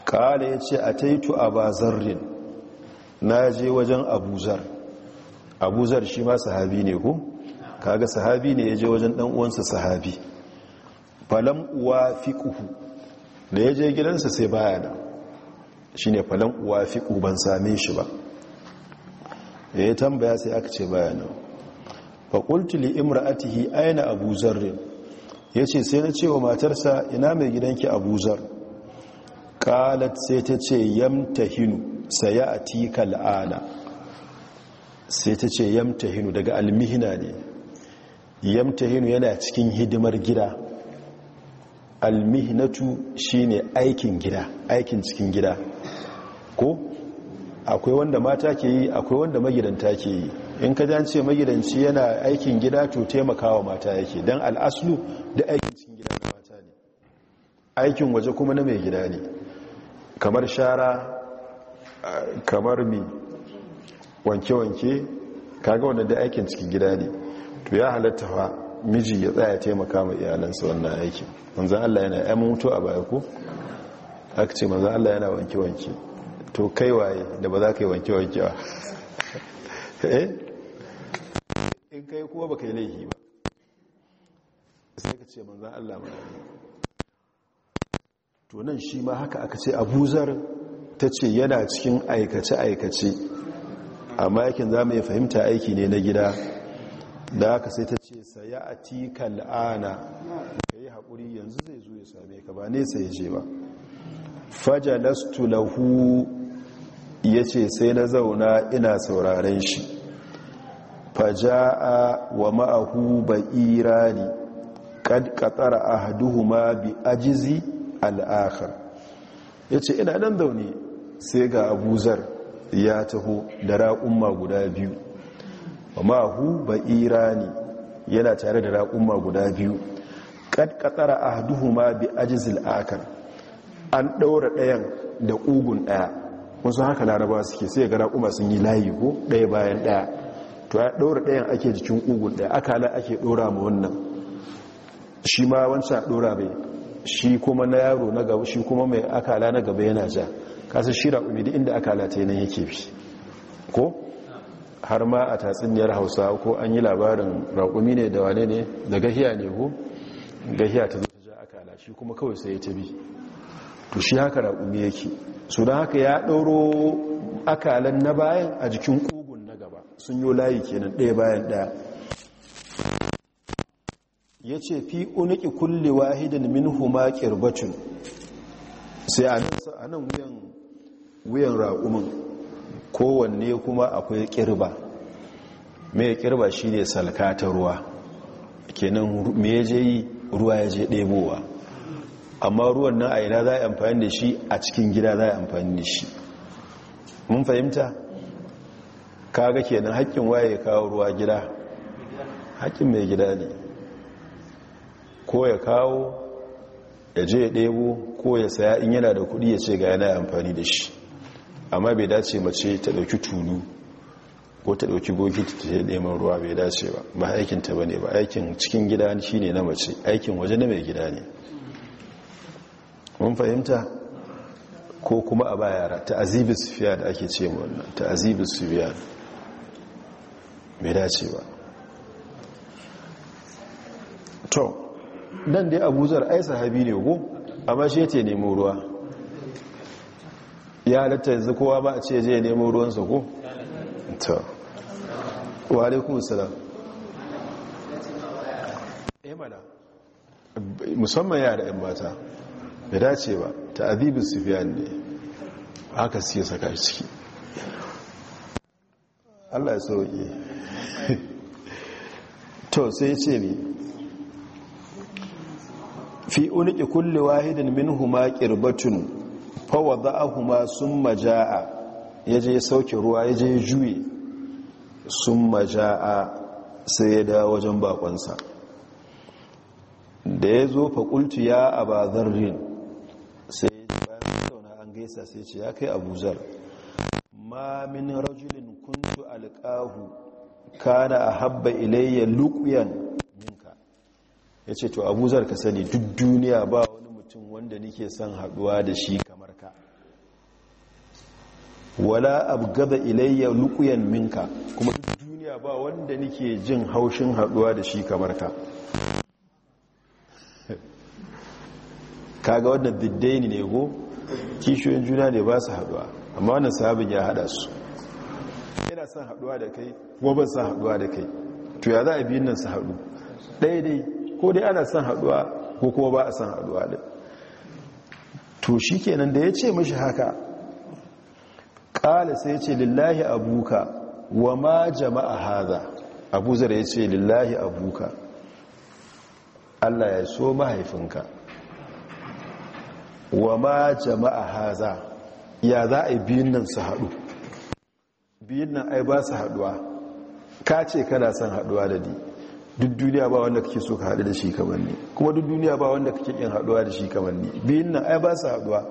kala ya ce a taitu a bazarrin na je wajen abuzar abuzar shi ma sahabi ne ko kaga sahabi ne ya je wajen dan uwansa sahabi falam uwa da ya je gidansa sai baya nan shi ne falan ban same shi ba da ya tambaya sai aka ce baya imra a tihi aina abu zarri ya ce sai na ce wa matarsa ina mai gidanki abu zar ƙalat sai ta ce yamta hinu saya a tika la'ana sai ta ce yamta hinu daga almihina ne yamta hinu yana cikin hidimar gida almihinatu shine aikin gida aikin cikin gida ko akwai wanda mata ke yi akwai wanda magidanta ke yi in ka ce magidanci yana aikin gida to taimakawa mata yake don al'aslu da aikin cikin gida na mata ne aikin waje kuma na mai gida ne kamar shara kamar mi wanke-wanke kaga wanda da aikin cikin gida ne to ya halatta fa miji ya tsaya taimaka ma iyalansa wannan aikin manzan Allah yana ya mutu a baya ko aka ce manzan Allah yana wanke-wanke to kai waye da ba za ka yi wanke-wanke ba eh in kai kuwa ba ka yi laihi ba sai ka ce manzan Allah ba to nan shi ma haka aka ce abuzar ta ce yana cikin aikace-aikace amma yakin za mu yi fahimta aiki ne na gida da aka sai ta ce saya a tikal ana ka yi haƙuri yanzu zai zo ya same ka ba nesa ya je ba fajalastu lahu ya ce sai na zauna ina sauraren shi faja'a wa ma'ahu ba'irani kad katsara ma bi ajizi al'akar ya ce ina nan zaune sai ga abuzar ya taho da raƙumma guda biyu wa ma'ahu ba'irani yana tare da raƙumma guda biyu kad katsara ma bi ajizi al'akar an ɗaura ɗayan da ƙugun ɗaya Kun sun haka laraba suke sai ga raƙuma sun yi layi ko ɗaya bayan ɗaya to ya ɗora ɗayan ake jikin ƙugun ɗaya akala ake ɗora ma wannan shi ma wancan ɗora bai shi kuma na yaro na gaba shi kuma mai akala na gaba yana ja kasar shi raƙumi duk inda akala ta yanayi yake bi ko har ma a tatsuniyar hausa ko an yi labarin raƙumi ne da wane ne da gahiya ne ko gahiya ta zo ta ja akala shi kuma kawai sai ya ta bi to shi haka raƙumi yake su don haka ya ɗauro akalan na bayan a jikin ƙugun na gaba sun yi layi kenan ɗaya bayan ɗaya ya ce fi uniki kulle wahidin min huma ƙirbacin sai a nan wuyan raƙumin kowanne kuma akwai ƙirba mai ƙirba shi ne salka ruwa kenan me ya je yi ruwa ya je ɗebowa amma ruwan nan a ina za a amfani da shi a cikin gida za a amfani da shi mun fahimta kaga kenan haƙƙin waye kawo ruwa gida haƙƙin mai gida ne ko ya kawo ya je ya ɗebo ko ya saya in yana da kuɗi ya ce ga yana amfani da shi amma bai dace mace ta ɗauki tulu ko ta ɗauki bokiti ta ce neman ruwa bai dace ba ba aikinta ba ne ba aikin cikin gida shi ne na mace aikin waje na mai gida ne mun fahimta ko kuma a ba yara ta azibis fiya da ake ce wannan ta azibis fiya mai dacewa ba to dan dai abuzar ai sahabi ne ko amma shi yace nemo ruwa ya latta yanzu kowa ba a ce je nemo ruwansa ko to wa alaikum salam eh mana musamman yara yan mata da dace ba ta azibin sufiyan ne haka siya saka ciki allah ya sauke to sai ce ne fi uniki kulle wahidin min huma kirbatun fawa za a huma sun maja'a ya je sauke ruwa ya je juye sun maja'a sai ya da wajen bakonsa da ya zo fakultu ya rin nesa sai ce ya kai abuzar ma min rajulin kuntu alƙahu kana a habba ilayya luƙuyan minka ya ce to abuzar ka sani duk duniya ba wani mutum wanda nike son haɗuwa da shi kamar ka wala abgaba ilayya luƙuyan minka kuma duk duniya ba wanda nike jin haushin haɗuwa da shi kamar ka kaga wannan diddai ne go kishiyoyin juna ne ba su haduwa amma wannan sahabin ya hada su yana son haduwa da kai ba son haduwa da kai to ya za a biyun nan su hadu ɗaya dai ko dai ana son haduwa ko kuma ba a son haduwa da to shi kenan da ya ce mashi haka ƙala sai ya ce lillahi abuka wa ma jama'a haza abu zara ya ce lillahi abuka allah ya so mahaifinka wa ma jama'a haza ya za a yi biyun nan su haɗu biyun nan ai ba su haɗuwa ka ce kada son haɗuwa da ni duk duniya ba wanda kake so ka haɗu da shi kamar ni kuma duk duniya ba wanda kake yin haɗuwa da shi kamar ni biyun nan ai ba su haɗuwa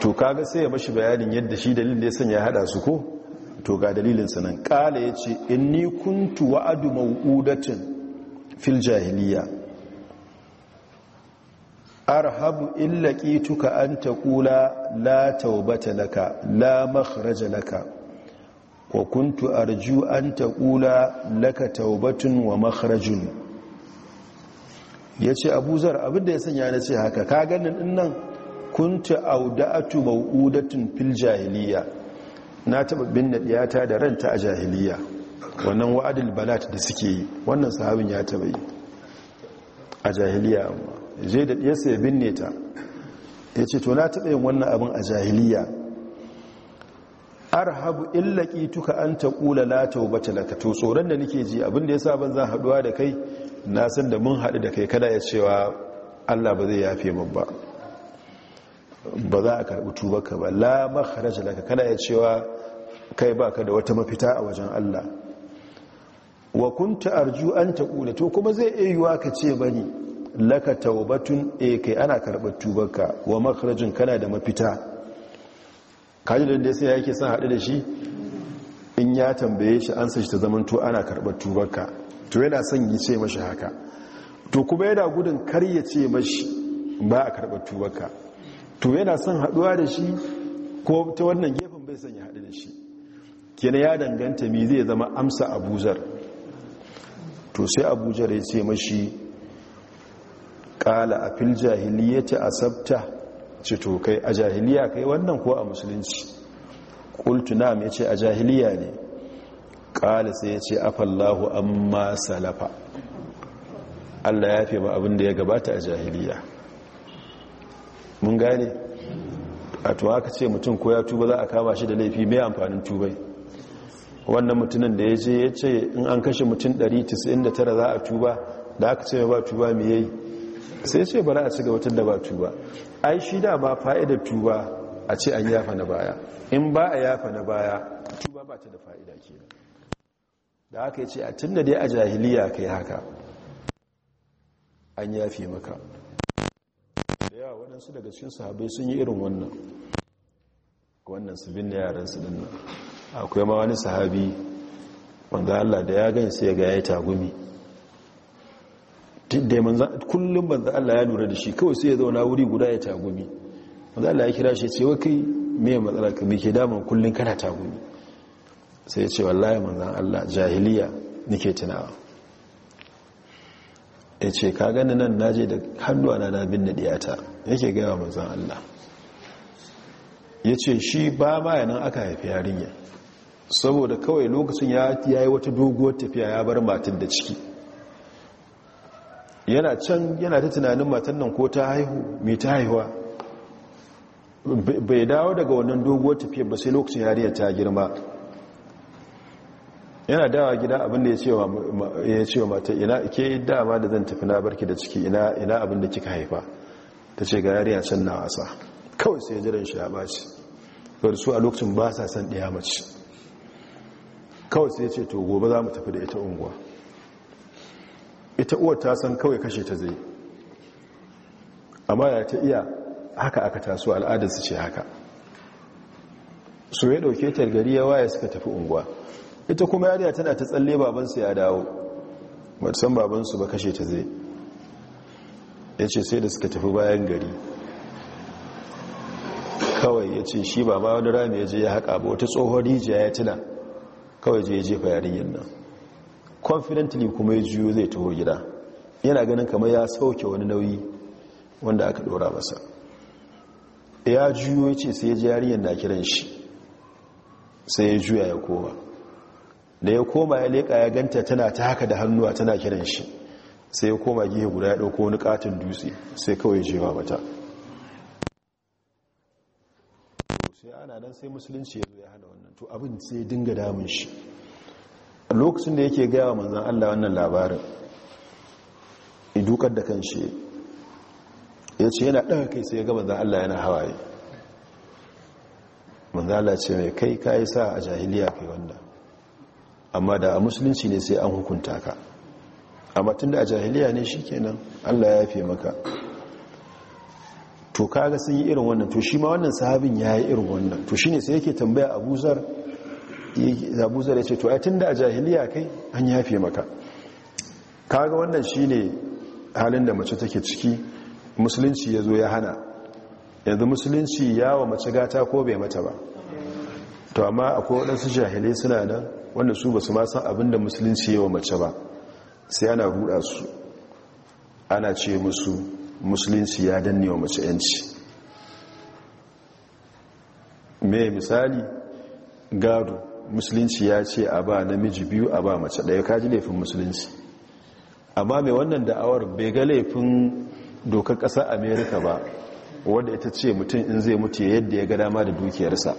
to kaga sai ya mashi bayanin yadda shi dalilin da ya sanya ya haɗa su ko to ga dalilinsa nan ƙala ya ce in ni kuntu wa'adu mawudatin fil jahiliya arhabu illa qituka an taqula la taubata laka la makhraja laka wa kuntu arju an taqula laka taubatun wa makhrajun yace abuzar abinda ya sanya na ce haka ka ganin innan kuntu auda'atu mau'udatun fil jahiliya na taɓa binne ɗiyata da ranta a jahiliya wannan wa'adul balat da suke yi wannan sahabin ya taba yi a jahiliya amma je da ɗiyarsa ya binne ta ya ce to na taɓa yin wannan abin a jahiliya arhabu illaki tuka an ta ƙula latau bata laka to tsoron da nake ji abin da ya sa ban za haɗuwa da kai na san da mun haɗu da kai kada ya cewa allah ba zai yafe min ba ba za a karɓi tubarka ba la makharaja laka kada ya cewa kai baka da wata mafita a wajen allah wa kunta arju an ta ƙula to kuma zai iya yiwa ka ce bane laka taubatun e eh, kai ana karɓar tubarka wa makarajin kana da mafita kaji da sai ya yake son haɗu da shi in ya tambaye shi an sashi ta to ana karɓar tubarka to yana son yi ce mashi haka to kuma yana gudun kar ya ce mashi ba a karɓar tubarka to yana son haɗuwa da shi ko ta wannan gefen bai son ya haɗu da shi kenan ya danganta mi zai zama amsa abuzar to sai abujar ya ce mashi kala a fil a sabta ce to kai a jahiliya kai wannan ko a musulunci na mai ce a jahiliya ne kala sai yace afallahu amma salafa Allah ya fi ma abin da ya gabata a jahiliya mun gane a tuwa haka ce mutum ko ya tuba za a kama shi da laifi mai amfanin tubai wannan mutumin da ya je ya ce in an kashe mutum 199 za a tuba da aka ce ba tuba mai yayi sai ce bari a ci gaba tun da ba tuba ai shi da ba fa'idar tuba a ce an yafa na baya in ba a yafa na baya tuba ba ta da fa'ida ke da haka ya ce a tun da dai a jahiliya kai haka an yafe maka da yawa waɗansu daga cikin sahabai sun yi irin wannan wannan su binne yaransu su nan akwai ma wani sahabi wanda Allah da ya gani sai ga ya tagumi tun da kullum banza Allah ya lura da shi kawai sai ya zauna wuri guda ya tagumi banza Allah ya kira shi ce wa kai mai matsala ka mai ke daman kullum kana tagumi sai ya ce wallahi manzan Allah jahiliya nake tunawa ya ce ka gani nan na je da hannuwa na nabin da diyata yake gaya manzan Allah ya ce shi ba baya nan aka haifi yarinya saboda kawai lokacin ya yi wata doguwar tafiya ya bar matin da ciki yana can yana ta tunanin matan nan ko ta haihu mai ta haihuwa bai dawo daga wannan doguwar tafiya ba sai lokacin yariya ta girma yana dawa gida abinda ya ce wa mata ina ke dama da zan tafi na barki da ciki ina abinda kika haifa ta ce ga yariya can na wasa kawai sai jiran shi ya shi bari su a lokacin ba sa san ɗaya mace kawai sai ce to gobe za mu tafi da ita unguwa ita uwar ta san kawai kashe ta zai amma ya ta iya haka aka taso al'adarsu ce haka so ya ɗauke ta gari ya waye suka tafi unguwa ita kuma yariya tana ta tsalle babansu ya dawo ba babansu ba kashe ta zai ya ce sai da suka tafi bayan gari kawai ya ce shi ba ma wani rami ya je ya haka ba wata tsohon rijiya ya tuna kawai je ya jefa yarinyar nan confidently kuma ya juyo zai taho gida yana ganin kamar ya sauke wani nauyi wanda aka dora masa ya juyo ce sai ya jariyar na kiran shi sai ya juya ya koma da ya koma ya leƙa ya ganta tana ta haka da hannuwa tana kiran shi sai ya koma gihe guda ya ɗauko wani katin dutse sai kawai jewa mata sai ana nan sai musulunci ya zo ya hana wannan to abin sai dinga damun shi lokacin da yake gaya wa manzan Allah wannan labarin idukar da kan shi ya ce yana ɗaga kai sai ya ga manzan Allah yana hawaye manzan Allah ce mai kai yi sa a jahiliya fi wannan amma da a musulunci ne sai an hukunta ka amma tun da a jahiliya ne shi kenan Allah ya fi maka to kaga sun yi irin wannan to shi ma wannan sahabin ya yi irin wannan to shi ne sai yake tambaya abuzar zabuzar ya ce to a tun da a jahiliya kai an yafe maka kaga wannan shi ne halin da mace take ciki musulunci ya zo ya hana yanzu musulunci ya wa mace gata ko bai mata ba to amma akwai waɗansu jahilai suna nan wanda su ba su ma san abin da musulunci ya wa mace ba sai ana ruɗa su ana ce musu musulunci ya danne wa mace 'yanci mai misali gado musulunci ya ce a ba namiji biyu a ba mace ɗaya kaji laifin musulunci amma mai wannan da'awar bai ga laifin dokar kasar amerika ba wadda ita ce mutum in zai mutu yadda ya ga dama da dukiyarsa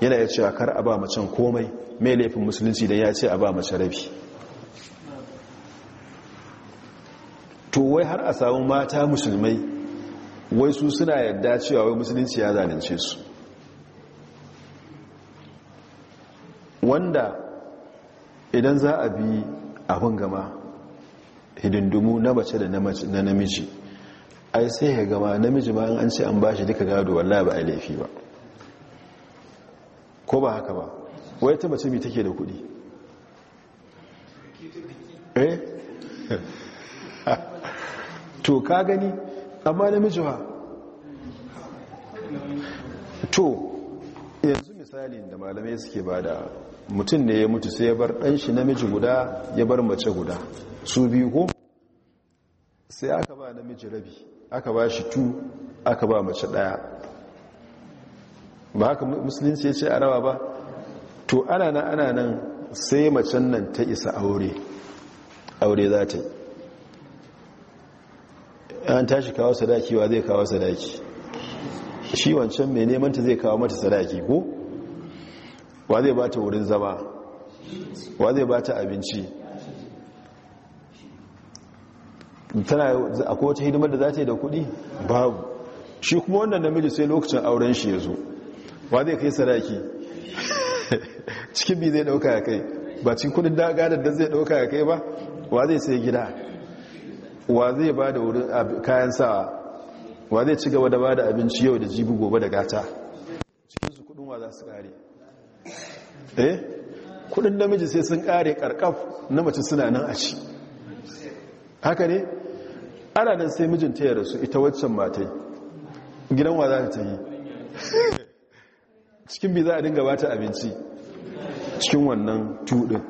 yana ya cewa kar a ba macen komai mai laifin musulunci don ya ce a ba mace rabi to wai har a samu mata musulmai wai su suna yadda cewa wai musulunci ya zalunce su wanda idan za a bi abin gama hidindumu na mace da na namiji ai sai ya gama namiji ma an ce an bashi duka gado wallahi ba a laifi ba ko ba haka ba wai ta mace mai take da kudi eh to ka gani amma namiji ha to yanzu misalin da malamai suke bada mutum ne ya mutu sai ya bar ɗan shi namiji guda ya bar mace guda su biyu ko sai aka ba namiji rabi aka ba shi tu aka ba mace ɗaya ba haka musulunci ya ce a rawa ba to ana nan ana nan sai macen nan ta isa aure aure za ta yi an tashi kawo sadaki wa zai kawo sadaki shi wancan mai neman ta zai kawo mata sadaki ko wa zai ba ta wurin zama wa zai ba ta abinci tana a wata hidimar da za ta yi da kuɗi babu shi kuma wannan namiji sai lokacin auren shi ya zo wa zai kai saraki cikin bi zai ɗauka ya kai ba cikin kudin dagadar da zai ɗauka ya kai ba wa zai sai gida wa zai ba da wurin kayan sawa wa zai ci gaba da ba da abinci yau da jibi gobe da gata cikinsu kudin wa za su kare eh kudin namiji sai sun kare karkaf na mace suna nan a ci haka ne ana nan sai mijinta ya rasu ita waccan matai gidan wa za ta yi cikin bi za a dinga bata abinci cikin wannan tudin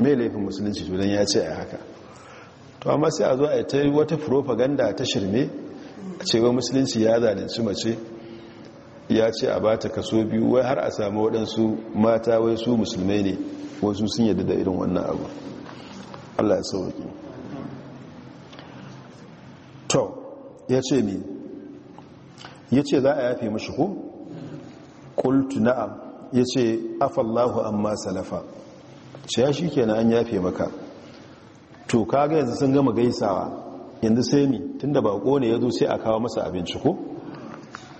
mai laifin musulunci tudan ya ce a haka to amma sai a zo a ta wata propaganda ta shirme a cewa musulunci ya zalunci mace ya ce a bata kaso biyu wai har a sami waɗansu mata wai su musulmai ne wasu sun yadda da irin wannan abu allah ya sauki to ya ce ne ya ce za a yafe mashi ko kultu na'am ya ce afallahu amma salafa ce ya shi kenan an yafe maka to kaga yanzu sun gama gaisawa yanzu sai tun tunda bako ne ya zo sai a kawo masa abinci ko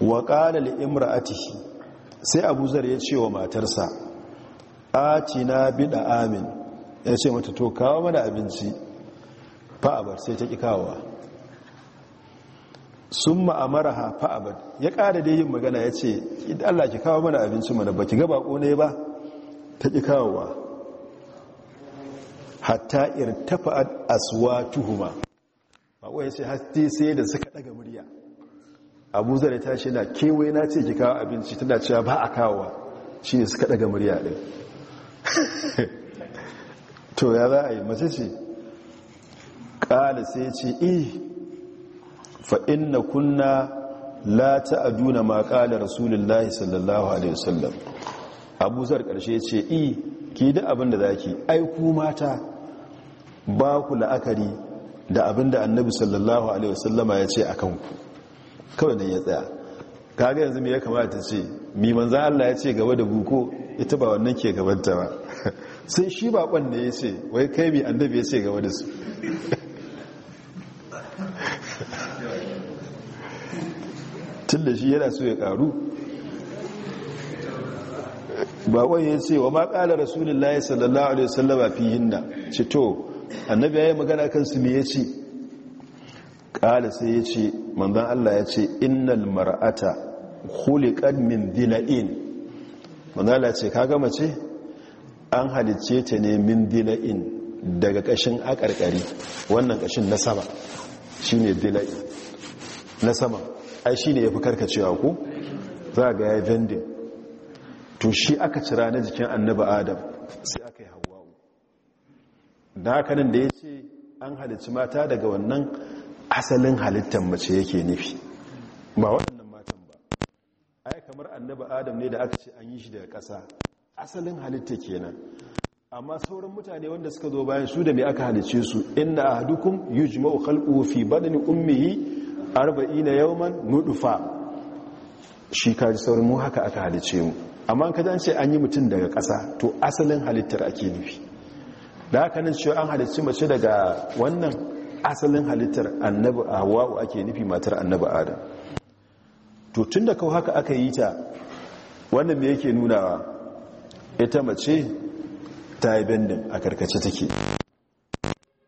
wa li'imra a tihi sai Abu Zar ya ce wa matarsa na bi amin ya ce mata to kawo mana abinci fa'abar sai ta ƙi kawowa sun ma'amara ha fa'abar ya ƙara da yin magana ya ce idan Allah ki kawo mana abinci mana ba ki ga ƙone ne ba ta ƙi kawowa hatta irtafa'at aswatuhuma ba wai sai hasti sai da suka daga murya abu zane ta ce na kewaye na ce ki kawo abinci tana cewa ba a kawowa shi ne suka ga murya ɗin to ya za a yi mace ce ƙada sai ce i eh, fa'in na kunna la duna ma ƙada rasulullahi sallallahu alaihi wasallam abuzar ƙarshe ce i eh, ki da abin da za ki aiku mata ba ku la'akari da abin da annabi sallallahu alaihi wasallama ya ce a kanku kawai nan ya tsaya kaga yanzu me ya kamata ce mi manzo Allah ya ce gaba da buko ita ba wannan ke gabanta ba sai shi bakon ne ya ce wai kai bi annabi ya ce gaba da su tun da shi yana so ya karu bakon ya ce wa ma kala rasulullahi sallallahu alaihi wasallama fi hinna ce to annabi ya yi magana kansu me ya ce kala sai ya ce manzan Allah ya ce innal mar'ata hulikan min dila'in manzan Allah ce kaga mace an halicce ta ne min dila'in daga ƙashin akarkari wannan ƙashin na sama shine ne dila'in na sama ai shi ne ya fi karkacewa ko za ga ya vendin to shi aka cira na jikin annabi adam sai aka yi hawa'u da hakanin da ya ce an halicci mata daga wannan asalin halittar mace yake nufi ba waɗannan matan ba ai kamar annaba adam ne da aka ce an yi shi daga ƙasa asalin halitta kenan amma sauran mutane wanda suka zo bayan su da mai aka halice su inna ahadukum yujma'u khalquhu fi badani ummihi 40 yawman nudfa shi kaji sauran mu haka aka halice mu amma kaji an ce an yi mutum daga ƙasa to asalin halittar ake nufi da haka nan cewa an halicci mace daga wannan asalin halittar annabi hawa'u ake nufi matar annabi adam to tun da kawai haka aka yi ta wannan me yake nunawa ita mace ta yi bendin a karkace take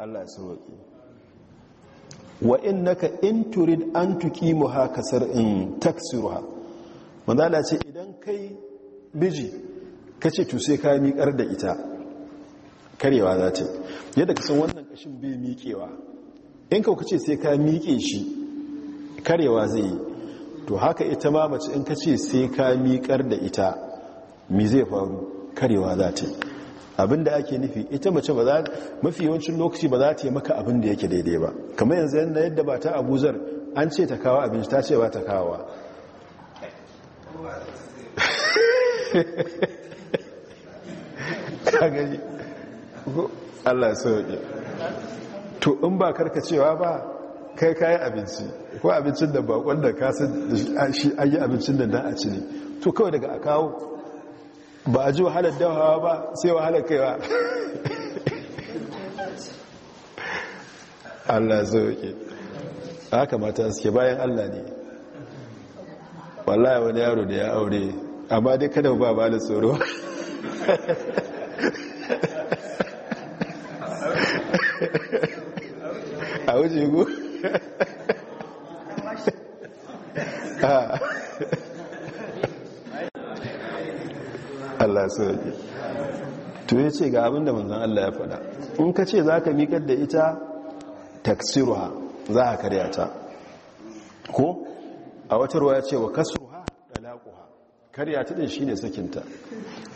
allah ya sauwaƙi wa in naka in turid an tuki mu in sar'in taksiruwa ce idan kai biji kace ce to ka miƙar da ita karewa za ta yadda ka san wannan ƙashin bai miƙewa in ka ce sai ka miƙe shi karewa zai yi to haka ita ma mace in ka ce sai ka miƙar da ita mi zai faru karewa za ta abinda ake nufi ita mace ba za mafi yawancin lokaci ba za ta yi maka abin da yake daidai ba kamar yanzu yadda yadda ba ta abuzar an ce ta kawo abinci ta ce ba ta kawo Allah sauke to in ba karkacewa ba kai kayi abinci ko abincin da ba wanda ka da shi an yi abincin da dan a ci ne to kawai daga a kawo ba a ji wahalar dawawa ba sai wahalar kaiwa allah zoke haka mata suke bayan allah ne wallahi wani yaro da ya aure amma dai kada ba ba da tsoro a sih ku Allah sauki to ya ce ga abinda manzan Allah ya fada in ka ce za ka miƙar da ita ha? za a karya ta ko a wata ruwa ya ce wa kasuruha ha? karya ta ɗin shi ne sakinta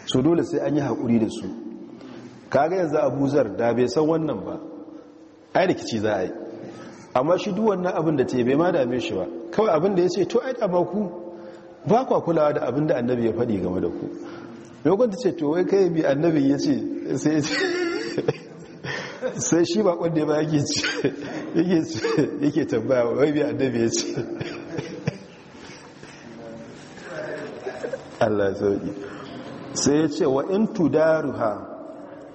su dole sai an yi haƙuri da su kaga yanzu abuzar da bai san wannan ba ai rikici za a yi amma shi duk na abin da ce bai ma dame shi ba kawai abin da ya ce to ai amma ku ba kwa kulawa da abin da annabi ya faɗi game da ku lokacin ta ce to wai kai bi annabi ya ce sai shi ba kwanne ba yake ce yake ce yake wai bi annabi ya ce Allah sauki sai ya ce wa in tudaruha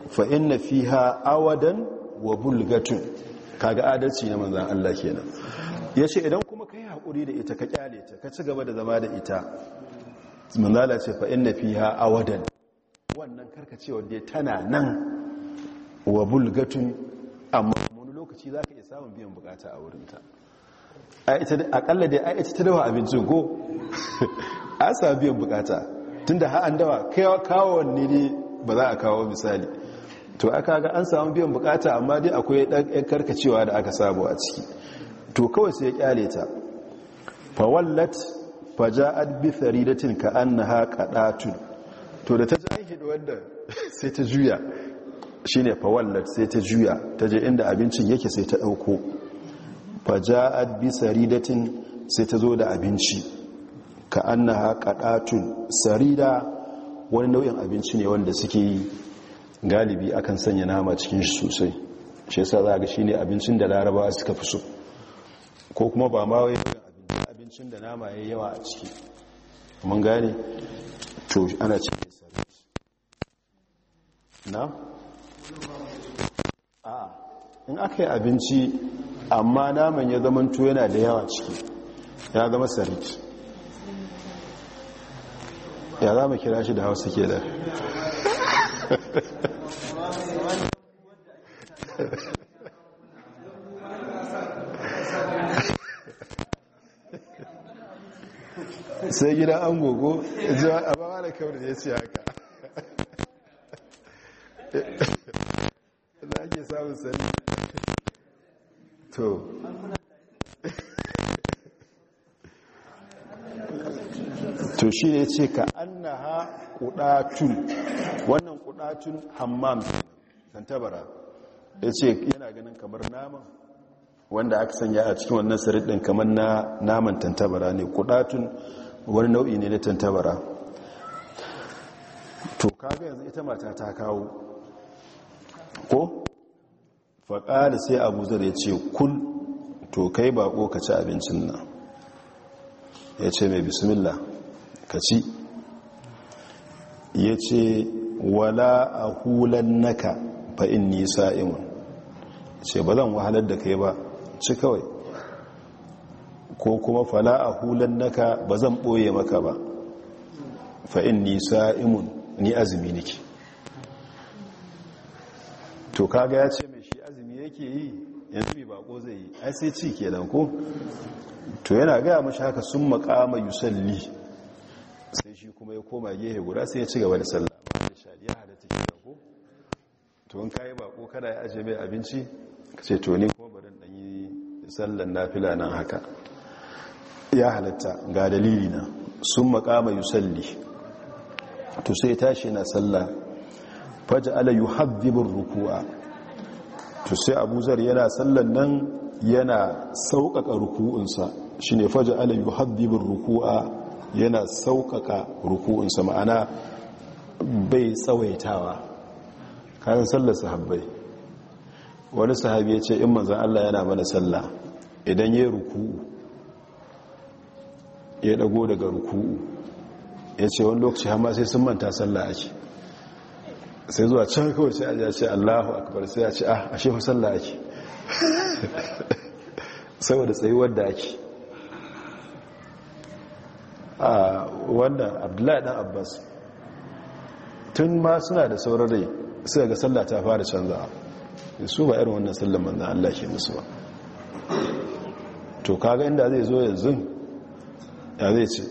fa inna fiha awadan wa bulgatun kaga adalci na manzan Allah kenan ya ce idan kuma ka yi haƙuri da ita ka kyale ta ka ci gaba da zama da ita manzala ce fa'in na fi ha a wadan wannan karkace dai tana nan wa bulgatun amma wani lokaci za ka iya samun biyan bukata a wurinta akalla dai a ta dawa abinci ko a samu biyan bukata Tunda da ha'an dawa kawo wanne ne ba za a kawo misali to aka ga an samu biyan bukata amma dai akwai ɗan karkacewa da aka samu a ciki to kawai sai ya kyale ta fawallat faja'ad bi tharidatin ka annaha qadatun to da ta jahi da wanda sai ta juya shine fawallat sai ta juya ta je inda abincin yake sai ta dauko faja'ad bi saridatin sai ta zo da abinci ka annaha qadatun sarida wani nau'in abinci ne wanda suke yi. galibi akan sanya nama cikin shi sosai shi yasa za ga shine abincin da larabawa suka fi so ko kuma ba ma wai abincin da nama yayi yawa a ciki mun gane to ana cikin service na a in aka yi abinci amma naman ya zama to yana da yawa ciki ya zama service ya za mu kira shi da hausa ke da sai gidan an gogo zuwa a ba da kawar da ya ce haka da ake samun sani to to shi ne ce ka an na annaha kudatun wannan kudatun hammam tantabara ya ce yana ganin kamar naman wanda aka sanya a cikin wannan sarrafin kamar na naman tantabara ne kudatun wani nau'i ne na tantabara to kaga yanzu ita mata ta kawo ko faƙa sai abu zar ya ce kun to kai bako ka ci abincin nan ya ce mai bismillah ka ci ya ce wala a hulan naka Fa'in nisa imun ce ba zan wahalar da kai ba ci kawai ko kuma fala a hulan naka ba zan ɓoye maka ba Fa'in nisa imun ni azumi niki to kaga ya ce mai shi azumi yake yi yanzu mai bako zai yi ai sai ci kenan ko to yana gaya mashi haka sun makama yusalli sai shi kuma ya koma gehe guda sai ya ci gaba da sallah tun ka yi bako kada ya ajiye mai abinci ka ce to ko barin ɗanyi yi na nafila nan haka ya halatta ga dalili na sun makama yusalli to sai tashi na sallah faja ala habibin ruku'a to sai Abu yana tsallon nan yana sauƙaƙa ruku'unsa shine faja ala yuhabbibur ruku'a yana sauƙaƙa ruku'unsa ma'ana bai tsawaitawa kayan sallar sahabbai wani sahabi ya ce in manzan Allah yana mana sallah idan ya ruku'u ya dago daga ruku'u ya ce wani lokaci hama sai sun manta sallah ake sai zuwa can kawai sai ajiya ce Allahu akabar sai ya ce ah ashe fa sallah ake saboda tsayuwar da ake a wannan abdullahi dan abbas tun ma suna da sauran rai suka ga sallah ta fara canza su ba irin wannan sallar manzan Allah ke musu ba to kaga inda zai zo yanzu ya zai ce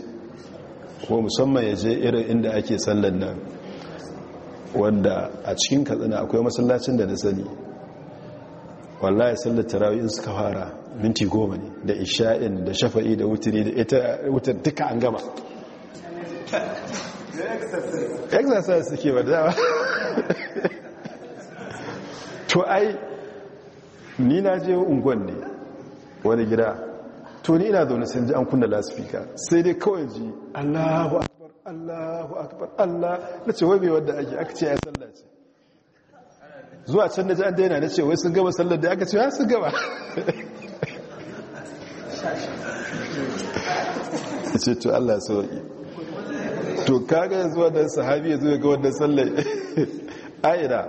ko musamman ya je irin inda ake sallar nan wanda a cikin katsina akwai masallacin da na sani wallahi sallar in suka fara minti goma ne da isha'in da shafa'i da wutiri da ita wutar duka an gama exercise suke ba dama to ai ni na je unguwan ne wani gida to ni ina zaune sun ji an kunna laspika sai dai kawai ji allahu akbar allahu akbar allah na ce waibe wadda ake aka ce ya sallace. ce zuwa can na ji an daina na ce wai sun gaba sallar da aka ce ya sun gaba ce to allah sauki to kaga zuwa wannan sahabi ya zo ga wannan sallar aida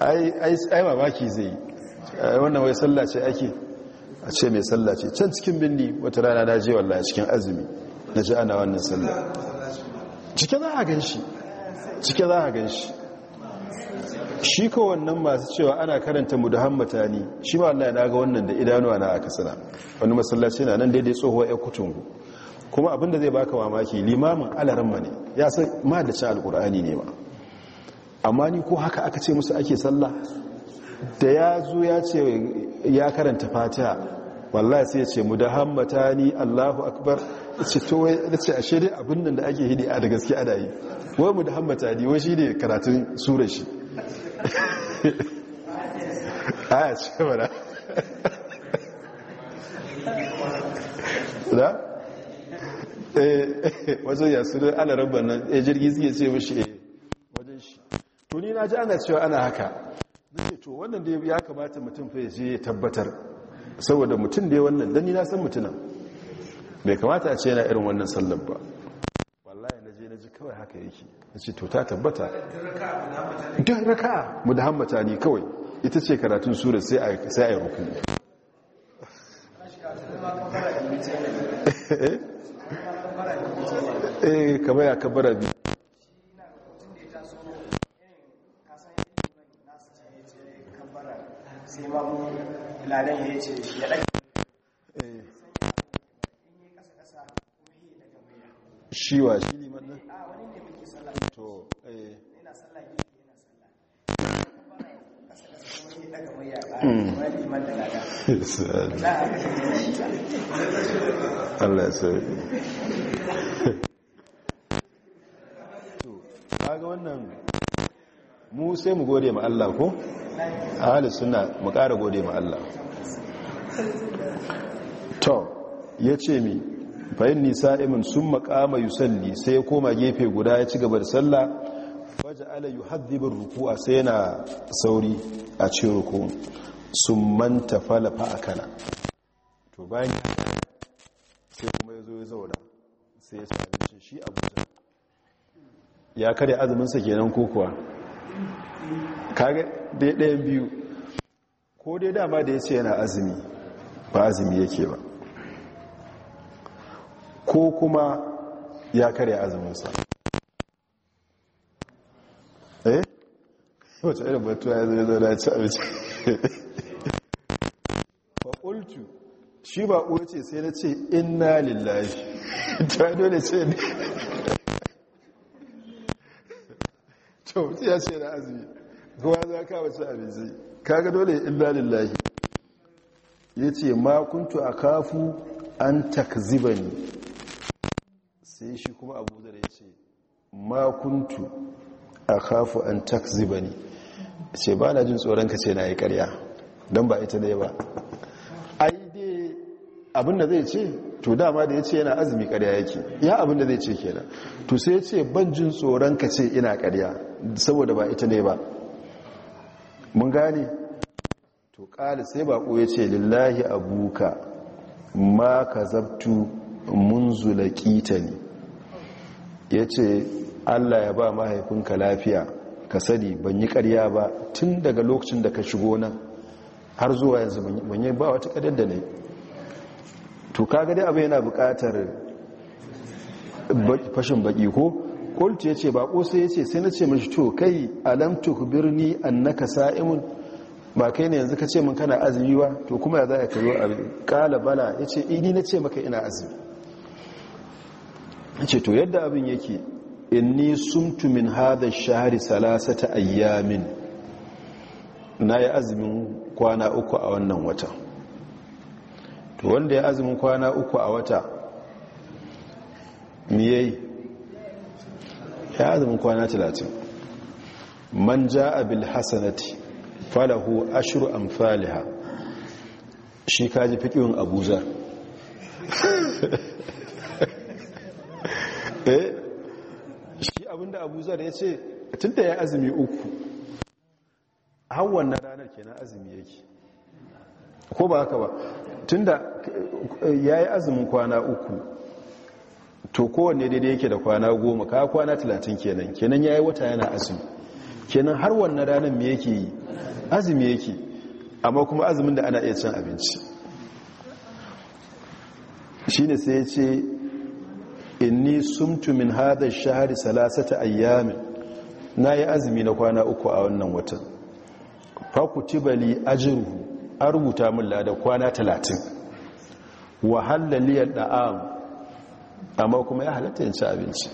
ai mamaki zai yi eh, wannan wai sallace ake a ce mai sallace can cikin bindi wata rana na je wallahi cikin azumi na ji ana wannan sallah cike za a gan shi cike za a gan shi shi ka wannan masu cewa ana karanta mu da hammata ne shi ma wallahi na ga wannan da idanuwa na aka sana wani masallaci na nan daidai tsohuwa ya kutungu kuma abinda zai baka mamaki limamin alaramma ne ya san ma da cin alkur'ani ne ma amma ni ko haka aka ce musu ake sallah da ya zo ya ce ya karanta fatiha wallahi sai ya ce mu da hammata ni allahu akbar ce to ya ce ashe dai abin nan da ake hidi a da gaske ada yi wai mu da hammata ni wai shi ne karatun sura shi aya ce mana da? eh wajen yasu don ana rabban nan ya eh, ce mashi eh to ni na ji ana cewa ana haka zai to wannan da ya kamata mutum fai ya ya tabbatar saboda mutum da ya wannan don ni na san mutunan bai kamata a ce yana irin wannan sallar ba wallahi na je na ji kawai haka yake na ce to ta tabbata don raka mu da hammata ni kawai ita ce karatun sura sai a yi a ruku eh kamar ya kabara biyu na ya ce ya Allah sai to wannan mu sai mu gode ma Allah ko ahli suna mu ƙara gode ma Allah to ce mi fa inni sun summa qama yusalli sai ya koma gefe guda ya ci gaba da sallah faj'ala yuhadhibu ruku'a sai yana sauri a cikin ruku manta falafa fa kana to bayan sai kuma ya zo ya zauna sai ya sami ce shi abuja ya karya azuminsa kenan ko kuwa kaga dai ɗayan biyu ko dai dama da ya ce yana azumi ba azumi yake ba ko kuma ya karya azuminsa eh wata irin batuwa ya zai zai ci abinci faƙultu shi ba ce sai na ce ina lillahi ta dole ce ne to ya ce na azumi ruwa za ka wasu abinci kaga dole illa lillahi ya ce makuntu a kafu an takziba ne sai shi kuma abu ya ce makuntu a kafu an takziba ne ce ba na jin tsoron ka ce na yi karya don ba ita ne ba ai dai abinda zai ce to dama da ya ce yana azumi karya yake ya abinda zai ce kenan to sai ya ce ban jin tsoron ka ce ina karya saboda ba ita ne ba mun gane to ƙali sai baƙo ya ce lillahi abuka ma ka zabtu mun zulaƙita ne ya ce allah ya ba mahaifinka lafiya ka sani ban yi karya ba tun daga lokacin da ka shigo nan har zuwa yanzu ban yi ba wata kadar da na to kaga dai abu yana buƙatar fashin baki ko kultu ya ce ba sai ya ce sai na ce mashi to kai alamtu birni annaka sa'imun ba kai ne yanzu ka ce min kana azumi ba to kuma ya za a kayo a kala bala ya ce ini eh, na ce maka ina azumi ya ce to yadda abin yake ni sumtu min hada shahari salasata ayyamin na yi azumin kwana uku a wannan wata to wanda ya azumin kwana uku a wata miyayi. ya azumin kwana talatin man a bil hasanati falahu ashru amsalha shi kaji fiqhin abuza eh shi abinda abuza ya ce tunda ya azumi uku har wannan ranar kenan azumi yake ko ba haka ba tunda eh, yayi azumin kwana uku to kowanne daidai yake da kwana goma ka kwana talatin kenan kenan ya yi wata yana azumi kenan har wanne ranar me yake yi azumi yake amma kuma azumin da ana iya cin abinci shi ne sai ya ce inni sumtu min hada shahari salasata ayyamin na yi azumi na kwana uku a wannan watan fakutibali ajiru an rubuta min lada kwana talatin wahallaliyar da'am amma kuma ya halatta yin ci abinci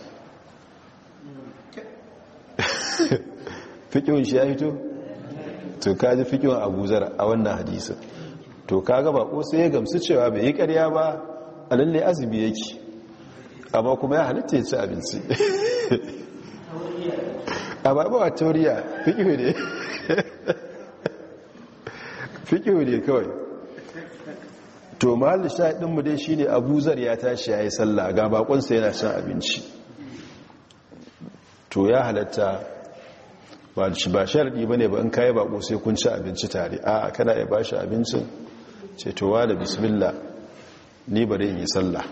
fikin shi ya fito to kaji fikin abuzar a wannan hadisa to kaga ko sai ya gamsu cewa bai yi karya ba a lalle azumi yake amma kuma ya halatta yin ci abinci a ba ba tauriya fikin ne kawai to mahalli mu dai shi ne abuzar ya tashi ya yi sallah ga bakonsa yana cin abinci to ya halatta ba sharɗi ba ne ba in kayi bako sai kun ci abinci tare a kana ya bashi abincin cetowa da bismillah ni bari in yi sallah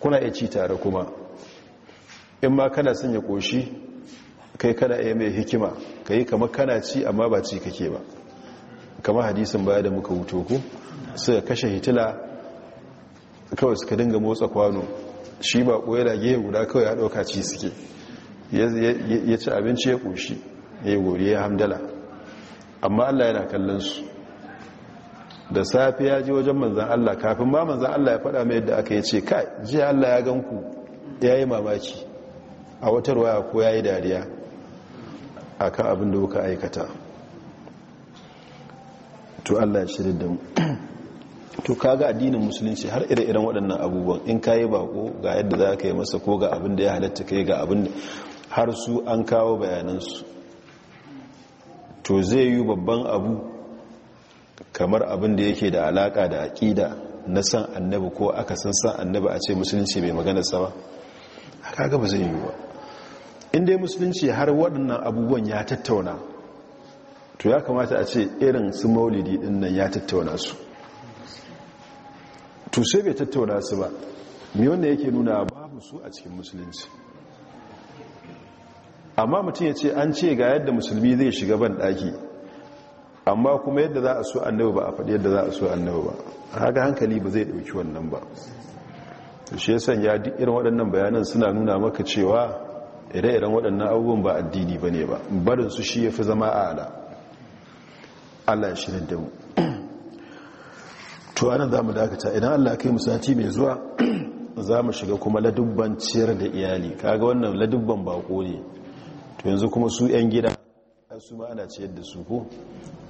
kuna ya ci tare kuma in ma kana son ya ƙoshi kai kana iya mai hikima ka yi kama kana ci amma ba ci kake ba kama hadisin baya da muka wuto ku suka kashe hitila kawai suka dinga motsa kwano shi ba koya da gehe guda kawai ya dauka ci suke ya ci abinci ya ƙoshi ya yi gori ya hamdala amma allah yana kallon su da safe ya ji wajen manzan allah kafin ma manzan allah ya faɗa mai yadda aka yi ce kai ji allah ya gan ku ya yi mamaki a watarwa ko ya yi dariya a kan abin da kuka aikata to Allah ya shirin da mu to kaga addinin musulunci har ire-iren waɗannan abubuwan in kayi bako ga yadda za ka yi masa ko ga abin da ya halatta kai ga abin da har su an kawo bayanansu to zai yi babban abu kamar abin da yake da alaka da aƙida na san annabi ko aka san san annabi a ce musulunci mai magana sama a ga ba zai yi ba inda musulunci har waɗannan abubuwan ya tattauna to ya kamata a ce irin su maulidi din nan ya tattauna su to sai bai tattauna su ba me wanda yake nuna babu su a cikin musulunci amma mutum ya ce an ce ga yadda musulmi zai shiga ban daki amma kuma yadda za a so annabi ba a faɗi yadda za a so annabi ba haka hankali ba zai ɗauki wannan ba shi ya sanya duk irin waɗannan bayanan suna nuna maka cewa ire-iren waɗannan abubuwan ba addini ba ne ba su shi ya fi zama a ala allah ya shirin da mu to za mu dakata idan allah kai mu sati mai zuwa za mu shiga kuma ladubban ciyar da iyali kaga wannan ladubban bako ne to yanzu kuma su 'yan gida su ma ana ciyar da su ko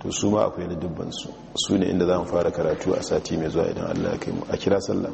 to su ma akwai ladubban su su ne inda za mu fara karatu a sati mai zuwa idan allah kai mu a kira sallah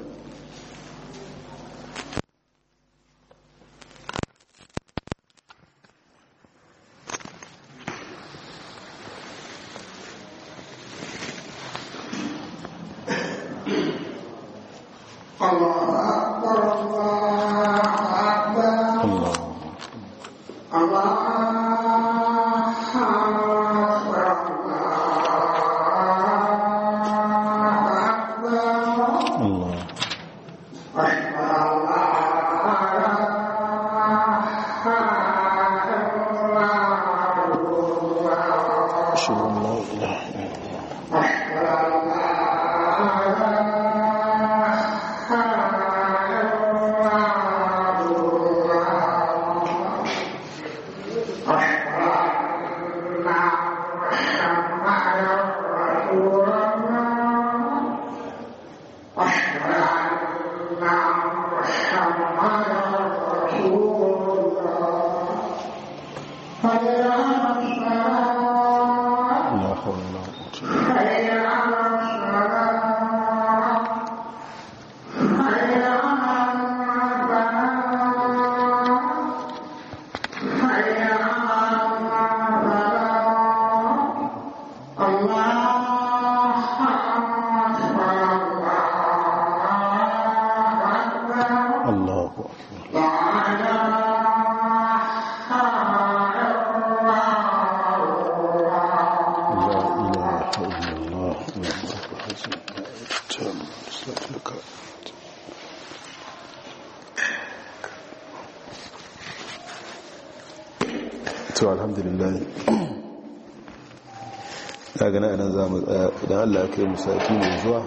kai mu sati mai zuwa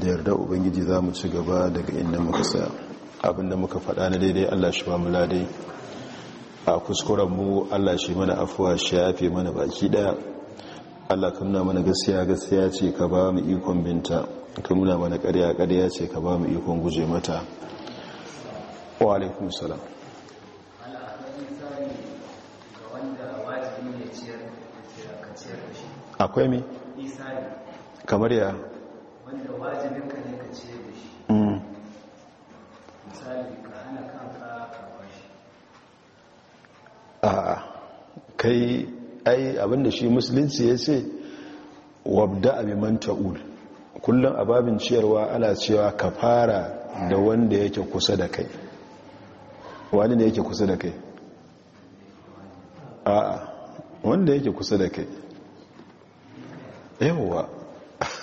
da yarda ubangiji za mu ci gaba daga inda muka sa abinda muka faɗa na daidai allah shi ba mu ladai a kuskuren mu allah shi mana afuwa shi ya fi mana baki ɗaya allah ka nuna mana gasiya gasiya ce ka ba mu ikon binta ka nuna mana ƙarya ƙarya ce ka ba mu ikon guje mata wa salam akwai mai kamar ya wanda wajibinka ne ka ce da shi mm. misali ka hana kanka a kai ai abinda shi musulunci ya ce wabda abiman ta'ul kullum ababin ciyarwa ana cewa ka fara da wanda yake kusa da kai wani ne yake kusa da kai a'a wanda yake kusa da kai yawwa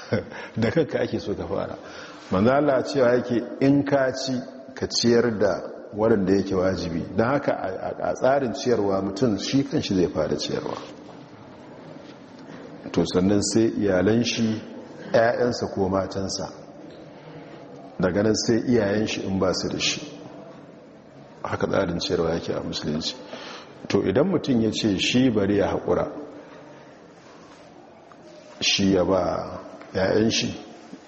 da kanka ake so ka fara manzo Allah cewa yake in ka ci ka ciyar da waɗanda yake wajibi don haka a tsarin ciyarwa mutum shi kanshi zai fara ciyarwa to sannan sai iyalan shi 'ya'yansa ko matansa daga nan sai iyayen shi in ba su da shi haka tsarin ciyarwa yake a musulunci to idan mutum ya ce shi bari ya haƙura shi ya ba 'ya'yan shi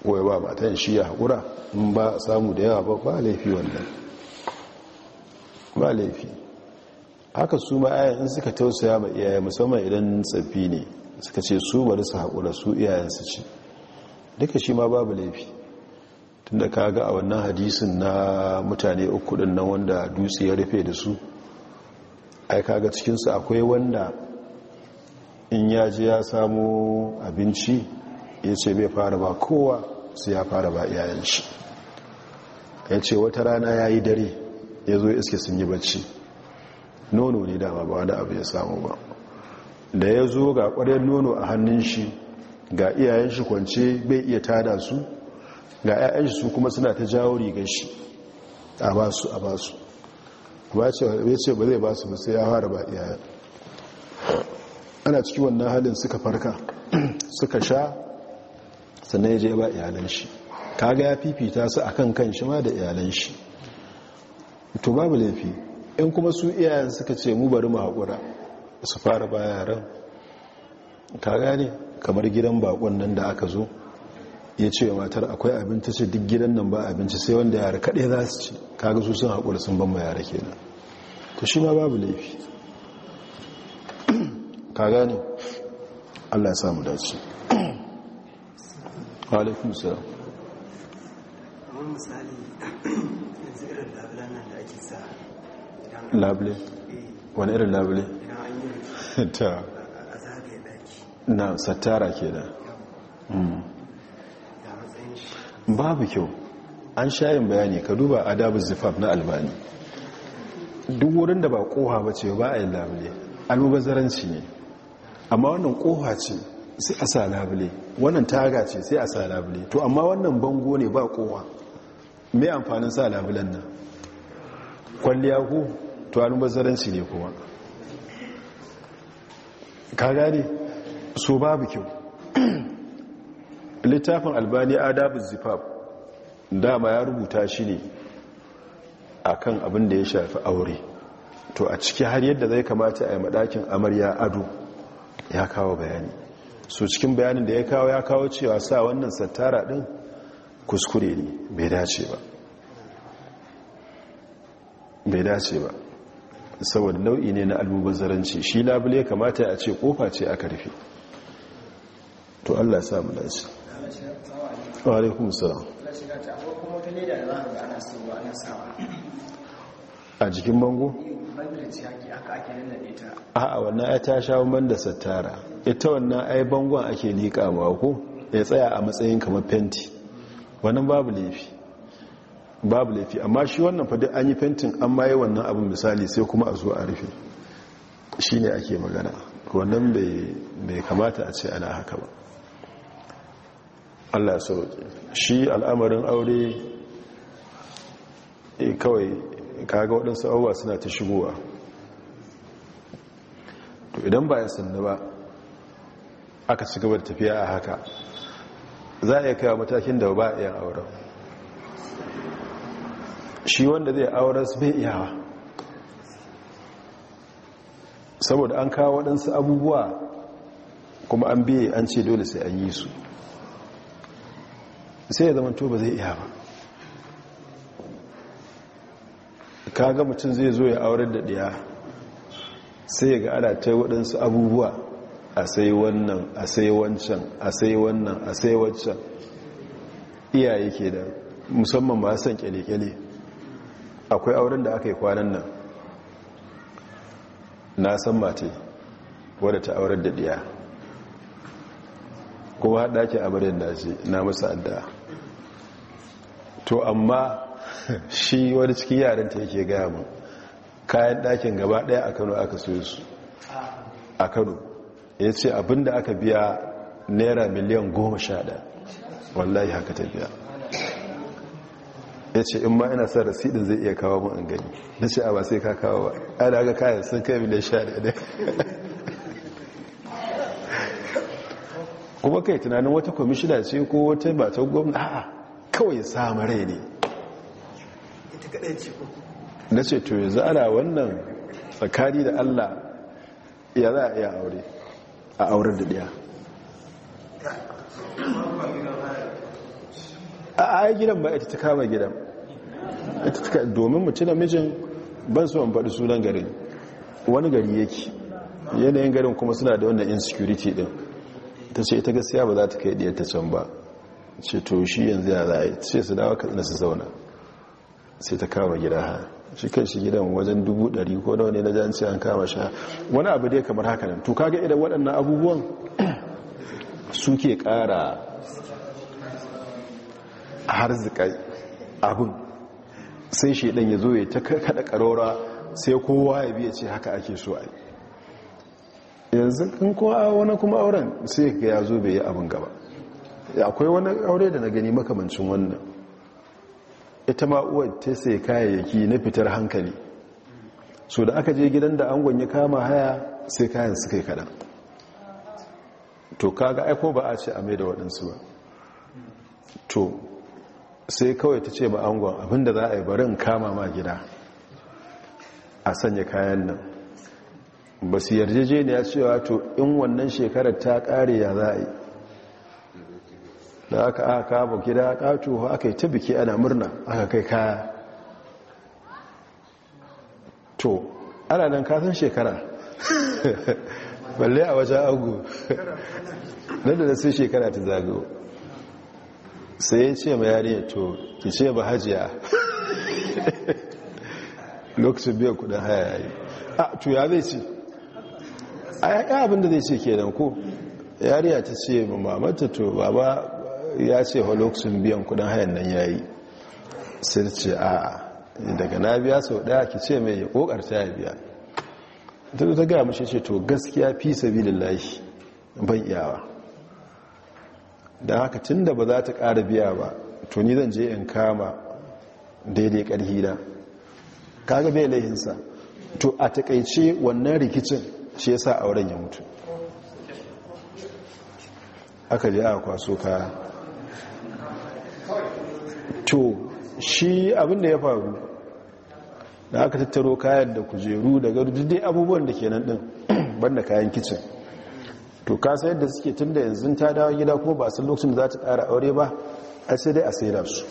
ko ya ba matan shi ya haƙura in ba samu da yawa ba ba laifi wannan ba laifi haka su ma in suka tausaya ma iyaye musamman idan tsaffi ne suka ce su bari su haƙura su iyayen su ce duka shi ma babu laifi tun da kaga a wannan hadisin na mutane uku ɗin nan wanda dutse ya rufe da su ai kaga cikinsu akwai wanda in ya yaji ya samu abinci ya ce bai fara ba kowa su ya fara ba iyayen shi ya ce wata rana ya yi dare ya zo iske sun yi bacci nono ne dama ba wani abu ya samu ba da ya zo ga kwarar nono a hannun shi ga iyayen shi kwance bai iya tada su ga 'ya'yan shi su kuma suna ta jawo rigar shi a ba su a ba su ba ce ba zai ba su ba sai ya fara ba iyayen ana ciki wannan halin suka farka suka sha sannan ya je ba iyalan shi kaga ya fifita su a kan kan shi ma da iyalan shi to babu laifi in kuma su iyayen suka ce mu bari mu haƙura su fara ba yaran kaga ne kamar gidan bakon nan da aka zo ya ce matar akwai abinci ce duk gidan nan ba abinci sai wanda yara kaɗai za su ci kaga su sun haƙura sun ban ma yara kenan to shi ma babu laifi Kaga ne, allah ya samu dace alaikun sa'a wani misali irin labulan nan da ake sa labule eh. wani irin labule ta a zagaye daki na sattara ke da mm. babu kyau an shayin bayani ka duba adabu zifaf na albani duk wurin da ba koha ba ce ba a yi labule almubazaranci ne amma wannan koha ce sai a sa labule wannan taga ce sai a sa labule to amma wannan bango ne ba kowa mai amfanin sa labulen nan kwalliya ku to almubazzaranci ne kowa. ka gane so babu kyau littafin albani adabu zifab dama ya rubuta shi ne akan abin da ya shafi aure to a ciki har yadda zai kamata a yi madakin amarya ado ya kawo bayani so cikin bayanin da ya kawo ya kawo cewa sa wannan sattara ɗin kuskure ne bai dace ba bai dace ba saboda nau'i ne na zaranci shi labule kamata a ce kofa ce aka rufe to Allah ya sa mu dace wa alaikum salam a jikin bango a'a wannan ya ta sha ban da sattara ita wannan ai bangon ake liƙa ba ko ya tsaya a matsayin kamar fenti wannan babu laifi babu laifi amma shi wannan fa an yi fentin an maye wannan abin misali sai kuma a zo a rufe Shi ne ake magana wannan bai kamata a ce ana haka ba Allah sauƙi shi al'amarin aure eh, kawai kaga waɗansu abubuwa suna ta shigowa to idan ba ya sannu ba aka ci gaba da tafiya a haka za a yi kawo matakin da ba a iya auren shi wanda zai auren su bai iyawa saboda an kawo waɗansu abubuwa kuma an biye an ce dole sai an yi su sai ya zama to ba zai iya ba kaga mutum zai zo ya aurar da ɗiya sai ga ana ta yi waɗansu abubuwa a sai wannan a sai wancan a sai wannan a sai wancan iyaye ke da musamman ba san kyale-kyale akwai auren da aka yi kwanan nan na san mace wadda ta aurar da ɗiya kuma haɗa ke bari da shi na musa addu'a to amma shi wani cikin yaran ta yake gaya mu kayan ɗakin gaba ɗaya a kano aka soye su a kano ya ce abinda aka biya naira miliyan goma sha ɗaya wallahi haka ta biya ya ce in ma ina sa rasidin zai iya kawo mu an gani na ce a ba sai ka kawo ba da aka kayan sun kai miliyan sha ɗaya kuma kai tunanin wata kwamishina ce ko wata ba ta gwamna a'a kawai samu rai ne na ce to yanzu ana wannan tsakani da allah ya za a iya aure a auren da ɗaya a ayi gidan ba ita ta kama gidan domin mutu namijin ban su faɗi sunan garin wani gari yake yanayin garin kuma suna da wannan insecurity din ta ce ita gaskiya ba za ta kai ɗiyar ta can ba ce to shi yanzu ya za a yi ce su dawa katsina su zauna sai ta kama gida ha shi kan shi gidan wajen dubu ɗari ko nawa ne na janci an kama sha wani abu dai kamar haka nan to kaga idan waɗannan abubuwan suke ƙara zikai abin sai shi ɗan ya zo ya ta kada ƙarora sai kowa ya biya ce haka ake so a yanzu in kowa wani kuma auren sai ya zo bai yi abin gaba akwai wani aure da na gani makamancin wannan ita ma uwa ta sai kayayyaki na fitar hankali so da aka je gidan da angon ya kama haya sai kayan suka yi kaɗan to kaga aiko ba a ce a mai da waɗansu ba to sai kawai ta ce ba angon abinda za a yi barin kama ma gida a sanya kayan nan ba su yarjejeniya cewa to in wannan shekarar ta kare ya za a yi da aka aka kama gida ƙato aka yi ta biki ana murna aka kai kaya to ana nan kasan shekara balle a wajen agu nan da sai shekara ta zago sai ya ce ma yare to ki ce ba hajiya lokacin biyan kudin haya yayi a to ya zai ce a yaƙi abinda zai ce ke ko yariya ta ce ma mamata to baba ya ce holoxin biyan kudin hayan nan ya yi sai ce a daga na biya sau daya ki ce mai ya kokarta ya biya ta ta gaya mashi ce to gaskiya fi sabi ban iyawa don haka tun da ba za ta ƙara biya ba to ni zan je in kama daidai karhi na kaga bai laihinsa to a takaice wannan rikicin shi yasa auren ya mutu aka je a kwaso kaya to shi abin da ya faru da aka tattaro kayan da kujeru da garu abubuwan da ke nan din banda kayan kicin to ka sayar da suke tun da yanzu ta dawo gida ko ba sun lokacin da za ta ƙara aure ba a sai dai a sayar su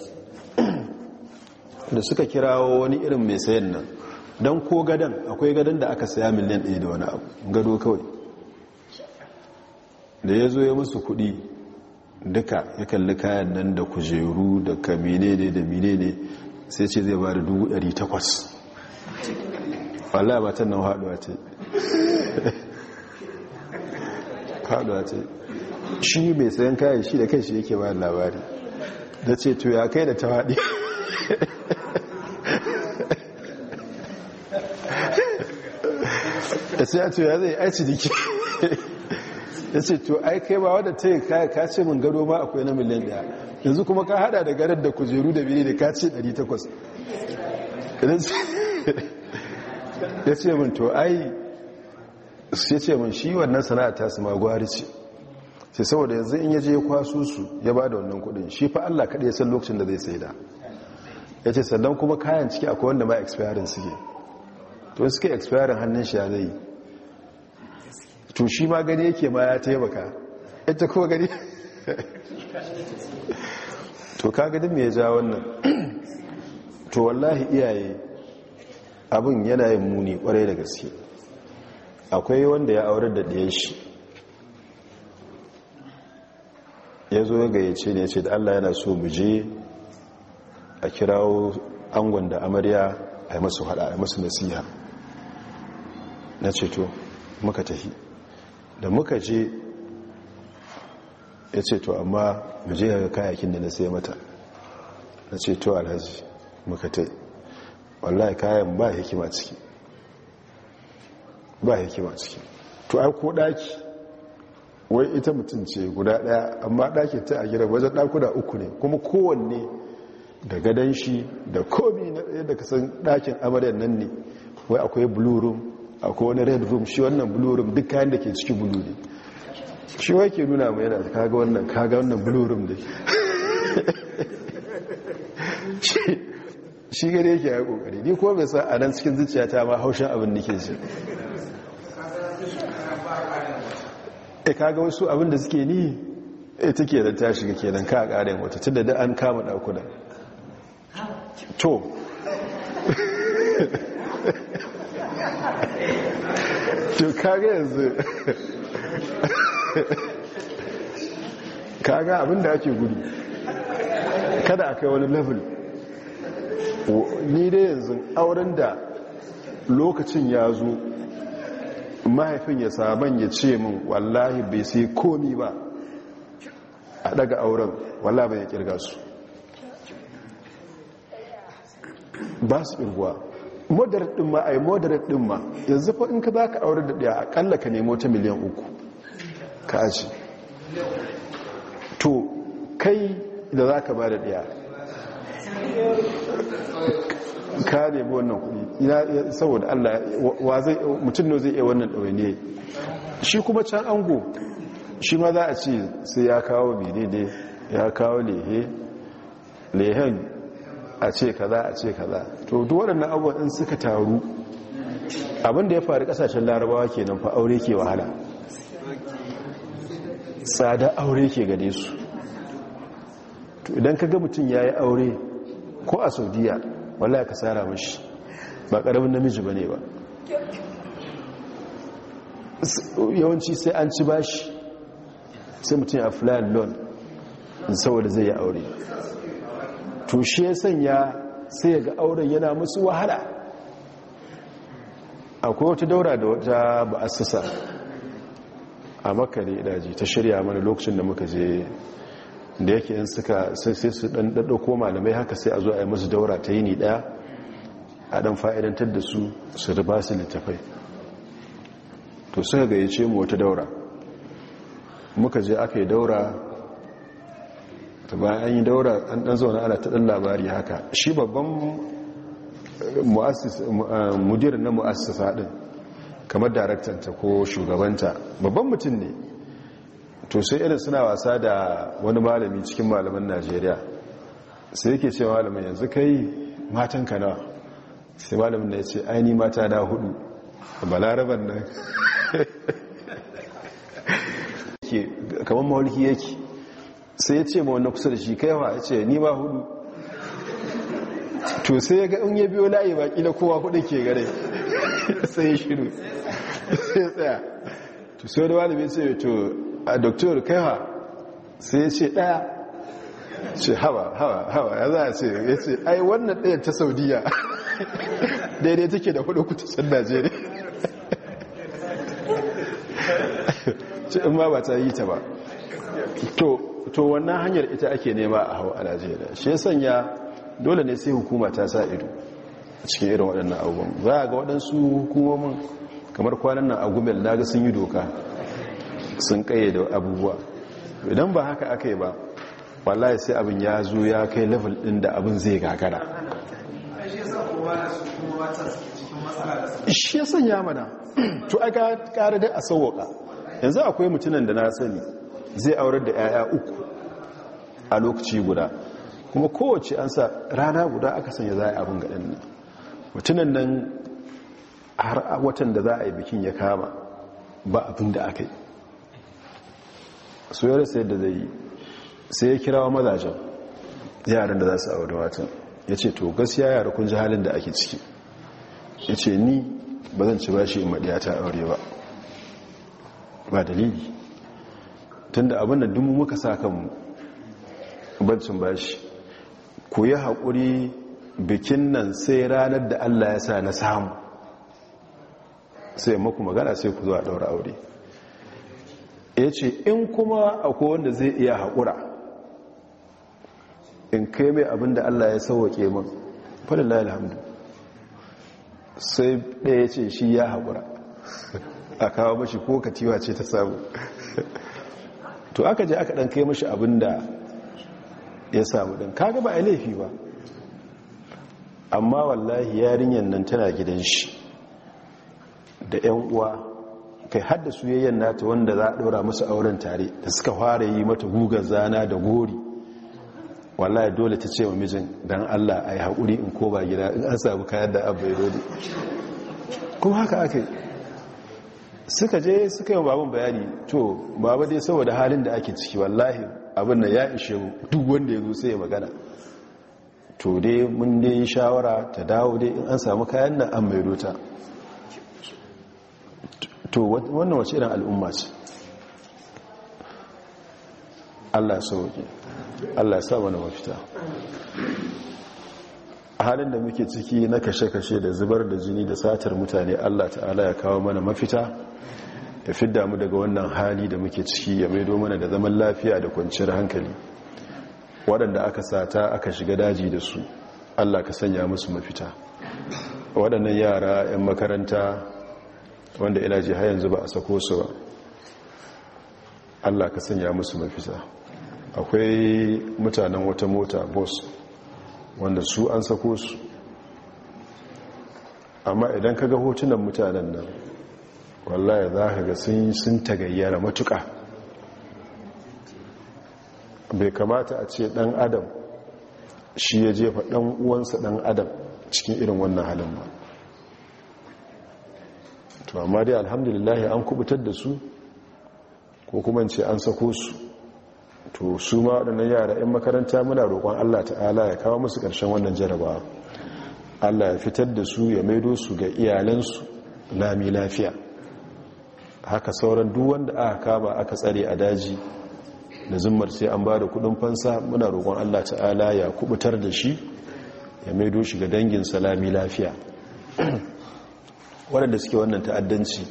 da suka kirawo wani irin mai sayan nan don ko gadon akwai gadon da aka saya miliyan ɗaya da wani abu gado kawai da ya zo ya musu kuɗi duka ya kalli kayan nan da kujeru da kamine ne da mine ne sai ce zai ba da 800 falla ba ta nan haɗuwa ce haɗuwa ce shi mai sayan kayan shi da kai shi yake ba labari da ce to ya kai da ta haɗi da sai a to ya zai aici diki ya ce to ai kai ba wadda ta yi kaya ka ce min gado ma akwai na miliyan daya yanzu kuma ka hada da garar da kujeru da biri da ka ce 800 ya ce min to ai ya ce min shi wannan sana'a ta su magwari ce sai saboda yanzu in yaje ya kwaso su ya ba da wannan kudin shi fa Allah kaɗai ya san lokacin da zai da ya ce sannan kuma kayan ciki akwai wanda ma expiring suke to suke expiring hannun shi ya zai to shi ma gani yake ma ya taimaka ita kuma gani to ka gani mai ja wannan to wallahi iyaye abin yana yin muni kwarai da gaske akwai wanda ya aurar da ɗayan shi ya zo ya ce ne ce da allah yana so mu je a kirawo angon da amarya a yi masu hada a yi masu nasiha na ceto muka tafi da muka je ya ce to amma mu je ga kayakin da na sai mata na ce to alhaji muka yi. wallahi kayan ba hikima ciki ba hikima ciki to ai ko daki wai ita mutum ce guda daya amma daki ta a gida wajen dakuna uku ne kuma kowanne da gadon shi da komi na ɗaya da kasan dakin amaryar nan ne wai akwai blue room akwai wani red room shi wannan blue room duk kayan da ke ciki blue ne shi wai ke nuna mai yana kaga wannan kaga wannan blue room ne shi gare yake ya kokari ni ko mai sa a nan cikin zuciya ta ma haushin abin da ke ji e kaga wasu abin da suke ni e take da ta shiga kenan ka ƙara wata tunda da an kama ɗakunan to to kaga yanzu kaga abinda ake gudu kada aka yi wani level ni dai yanzu auren da lokacin ya zo mahaifin ya saban ya ce min wallahi bai sai komi ba a daga auren wallahi bai ya kirga su ba su irguwa moderate din ma ai moderate din ma yanzu fa in ka zaka aure da ɗaya akalla ka nemo ta miliyan uku ka aji to kai da zaka ba da daya ka nemo wannan kudi saboda Allah wa zai mutum ne zai iya wannan ne shi kuma can ango shi ma za a ce sai ya kawo bidide ya kawo lehe lehen a ce kaza a ce kaza to duk waɗannan abubuwan in suka taru da ya faru ƙasashen larabawa kenan fa aure ke wahala tsada aure ke gare su to idan ka ga mutum ya yi aure ko a saudiya wala ka tsara mashi ba ƙaramin namiji ba ne ba yawanci sai an ci bashi sai mutum ya fulani lon saboda zai yi aure to shi ya sanya sai ga auren yana musu wahala akwai wata daura da wata ba'assasa a makare daji ta shirya mana lokacin da muka je da yake yin suka sai su dan daddauko malamai haka sai a zo a yi musu daura ta yini daya a dan fa'idantar da su su riba su littafai to suka gayyace mu wata daura muka je aka yi daura ta bayan an yi daura an dan zaune ana ta dan labari haka shi babban eh, mudir na mu'assasa din kamar daraktanta ko shugabanta babban mutum ne to sai irin suna wasa da wani malami cikin malaman najeriya sai yake ce malamin yanzu kai matan ka nawa sai malamin da ya ce aini mata na hudu a balaraban nan kamar mawulki yake sai ya ce ma wanda kusa da shi kai wa ya ce ni ma hudu to sai ya ga in ya biyo layi baki na kowa hudu ke gare sai ya shiru sai ya tsaya to sai wani wani bai ce to a doktor kai wa sai ya ce daya ce hawa hawa hawa ya za a ce ya ce ai wannan ɗayan ta saudiya daidai take da hudu kutucin najeriya ce in ma ba ta yi ta ba to to wannan hanyar ita ake nema a hau a najeriya shi ya sanya dole ne sai hukuma ta sa ido a cikin irin waɗannan abubuwan za a ga waɗansu hukumomin kamar kwanan nan a gumel na sun yi doka sun kaye da abubuwa idan ba haka aka yi ba wallahi sai abin ya zo ya kai level ɗin da abin zai gagara shi ya sanya mana to aka ƙara dai a sauwaka yanzu akwai mutunan da na sani zai aurar da 'ya'ya uku a lokaci guda kuma kowace an sa rana guda aka sanya za a abin gaɗin nan mutunan nan har a watan da za a yi bikin ya kama ba abin da aka yi su ya rasa yadda zai yi sai ya kirawa mazajen yaran da za su auri watan ya ce to gaskiya yara kun ji halin da ake ciki ya ce ni ba zan ci bashi in maɗiya ta aure ba ba dalili tunda abin da dumu muka sa kan bancin bashi ku yi haƙuri bikin nan sai ranar da allah ya sa na samu sai maku magana sai ku zo a ɗaura aure ya ce in kuma akwai wanda zai iya haƙura in kai mai abin da allah ya sauwaƙe min faɗin alhamdu sai ɗaya ce shi ya haƙura a kawo mashi ko katiwa ce ta samu to aka je aka dan kai mashi abin da ya samu din kaga ba a laifi ba amma wallahi yarinyar nan tana gidan shi da yan uwa kai hadda yayyan nata wanda za a ɗora musu auren tare da suka fara yi mata gugar zana da gori wallahi dole ta ce wa mijin don allah a yi in ko ba gida in an samu kayan da abu ya dole kuma haka aka yi suka je suka yi baban bayani to baba dai saboda halin da ake ciki wallahi abin da ya ishe duk wanda ya zo sai ya magana to dai mun dai shawara ta dawo dai in an samu kayan nan an maido ta to wannan wace irin al'umma ce Allah sauke Allah ya sa mana mafita halin da muke ciki na kashe-kashe da zubar da jini da satar mutane allah ta'ala ya kawo mana mafita ya fidda mu daga wannan hali da muke ciki ya maido mana da zaman lafiya da kwanciyar hankali waɗanda aka sata aka shiga daji da su allah ka sanya musu mafita waɗannan yara 'yan makaranta wanda ina ji har yanzu ba a sako su ba allah ka sanya musu mafita akwai mutanen wata mota bus wanda su an sako su amma idan kaga hotunan mutanen nan wallahi za ka ga sun tagayyara matuka bai kamata a ce ɗan adam shi ya jefa ɗan uwansa ɗan adam cikin irin wannan halin ba to amma dai alhamdulillah an kubutar da su ko kuma ce an sako su to su ma waɗannan yara 'yan makaranta muna roƙon allah ta'ala ya kawo musu ƙarshen wannan jarabawa allah ya fitar da su ya maido su ga iyalansu lami lafiya haka sauran duk wanda aka kama aka tsare a daji da zimmar sai an ba da kudin fansa muna roƙon allah ta'ala ya kubutar da shi ya maido shi ga dangin salami lafiya waɗanda suke wannan ta'addanci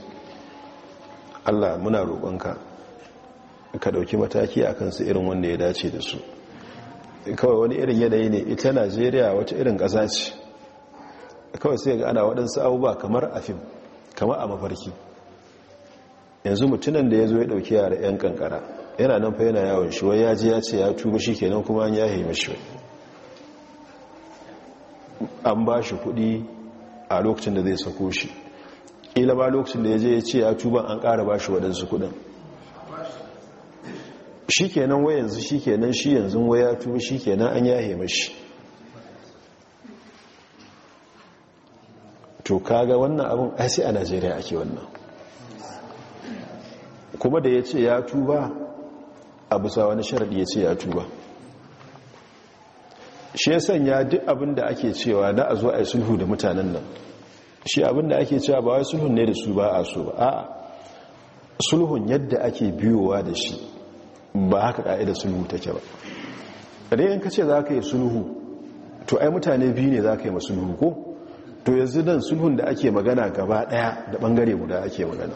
allah muna roƙonka ka ɗauki mataki a su irin wanda ya dace da su kawai wani irin yanayi ne ita najeriya wata irin ƙasa ce kawai sai ga ana waɗansu abubuwa kamar a fim kamar a mafarki yanzu mutunan da ya zo ya ɗauki yara 'yan kankara yana nan fa yana yawon shi wai ya ji ya ce ya tuba shi kenan kuma an yahe mashi an ba shi kuɗi a lokacin da zai sako shi ƙila ba lokacin da ya je ya ce ya tuba an ƙara ba shi waɗansu kuɗin shi kenan wai yanzu shi kenan shi yanzu wai ya tuba shi kenan an yahe mashi to kaga wannan abin asi a najeriya ake wannan kuma da ya ce ya tuba a bisa wani sharaɗi ya ce ya tuba shi ya sanya duk abin da ake cewa na a zo a yi sulhu da mutanen nan shi abin da ake cewa ba wai sulhun ne da su ba a so ba a sulhun yadda ake biyowa da shi ba haka ka'idar sulhu take ba kada in ka ce za ka yi sulhu to ai mutane biyu ne za ka yi sulhu ko to yanzu nan sulhun da ake magana gaba daya da bangare guda ake magana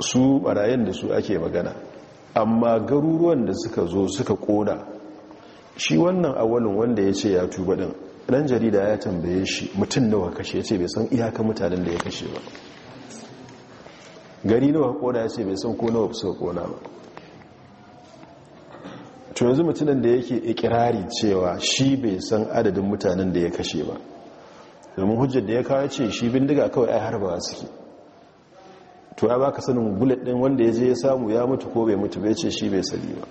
su barayin da su ake magana amma garuruwan da suka zo suka koda shi wannan awalin wanda ya ce ya tuba din ɗan jarida ya tambaye shi mutum nawa kashe ce bai san iyaka mutanen da ya kashe ba gari nawa kona ya ce bai san ko nawa fusa kona ba to yanzu mutumin da yake ikirari cewa shi bai san adadin mutanen da ya kashe ba domin hujjar da ya kawo ce shi bindiga kawai ai harba suke to ya baka sanin bullet din wanda ya je ya samu ya mutu ko bai mutu bai ce shi bai sani ba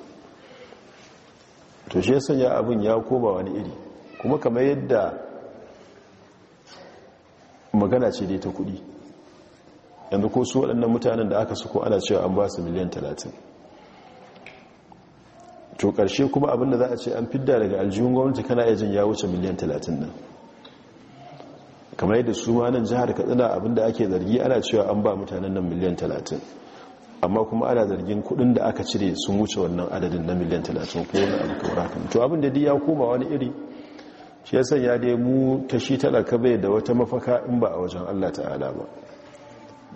to shi ya abin ya koma wani iri kuma kamar yadda magana ce dai ta kudi yanzu ko su waɗannan mutanen da aka suko ana cewa an ba su miliyan talatin to ƙarshe kuma abin da za a ce an fidda daga aljihun gwamnati kana iya ya wuce miliyan talatin nan kamar yadda su ma nan jihar katsina da ake zargi ana cewa an ba mutanen nan miliyan talatin amma kuma ana zargin kuɗin da aka cire sun wuce wannan adadin na miliyan talatin ko wani abu kawar haka to abin da dai ya koma wani iri shi ya dai mu ta shi talaka bai da wata mafaka in ba a wajen allah ta'ala ba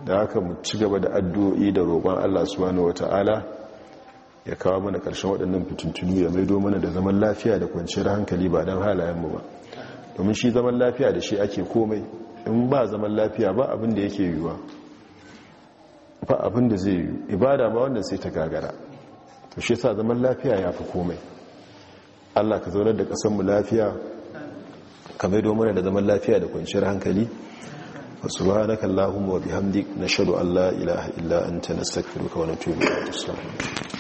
da haka mu ci gaba da addu'o'i da roƙon Allah subhanahu wata'ala ya kawo mana ƙarshen waɗannan fitintunu ya maido mana da zaman lafiya da kwanciyar hankali ba don halayenmu ba domin shi zaman lafiya da shi ake komai in ba zaman lafiya ba abin da yake yiwuwa ba abin da zai yiwu ibada ba wannan sai ta gagara to shi sa zaman lafiya ya fi komai Allah ka zaunar da mu lafiya ka maido mana da zaman lafiya da kwanciyar hankali wa subhanaka allahumma wa bihamdik nashhadu an la ilaha illa anta saka duka wani ilayk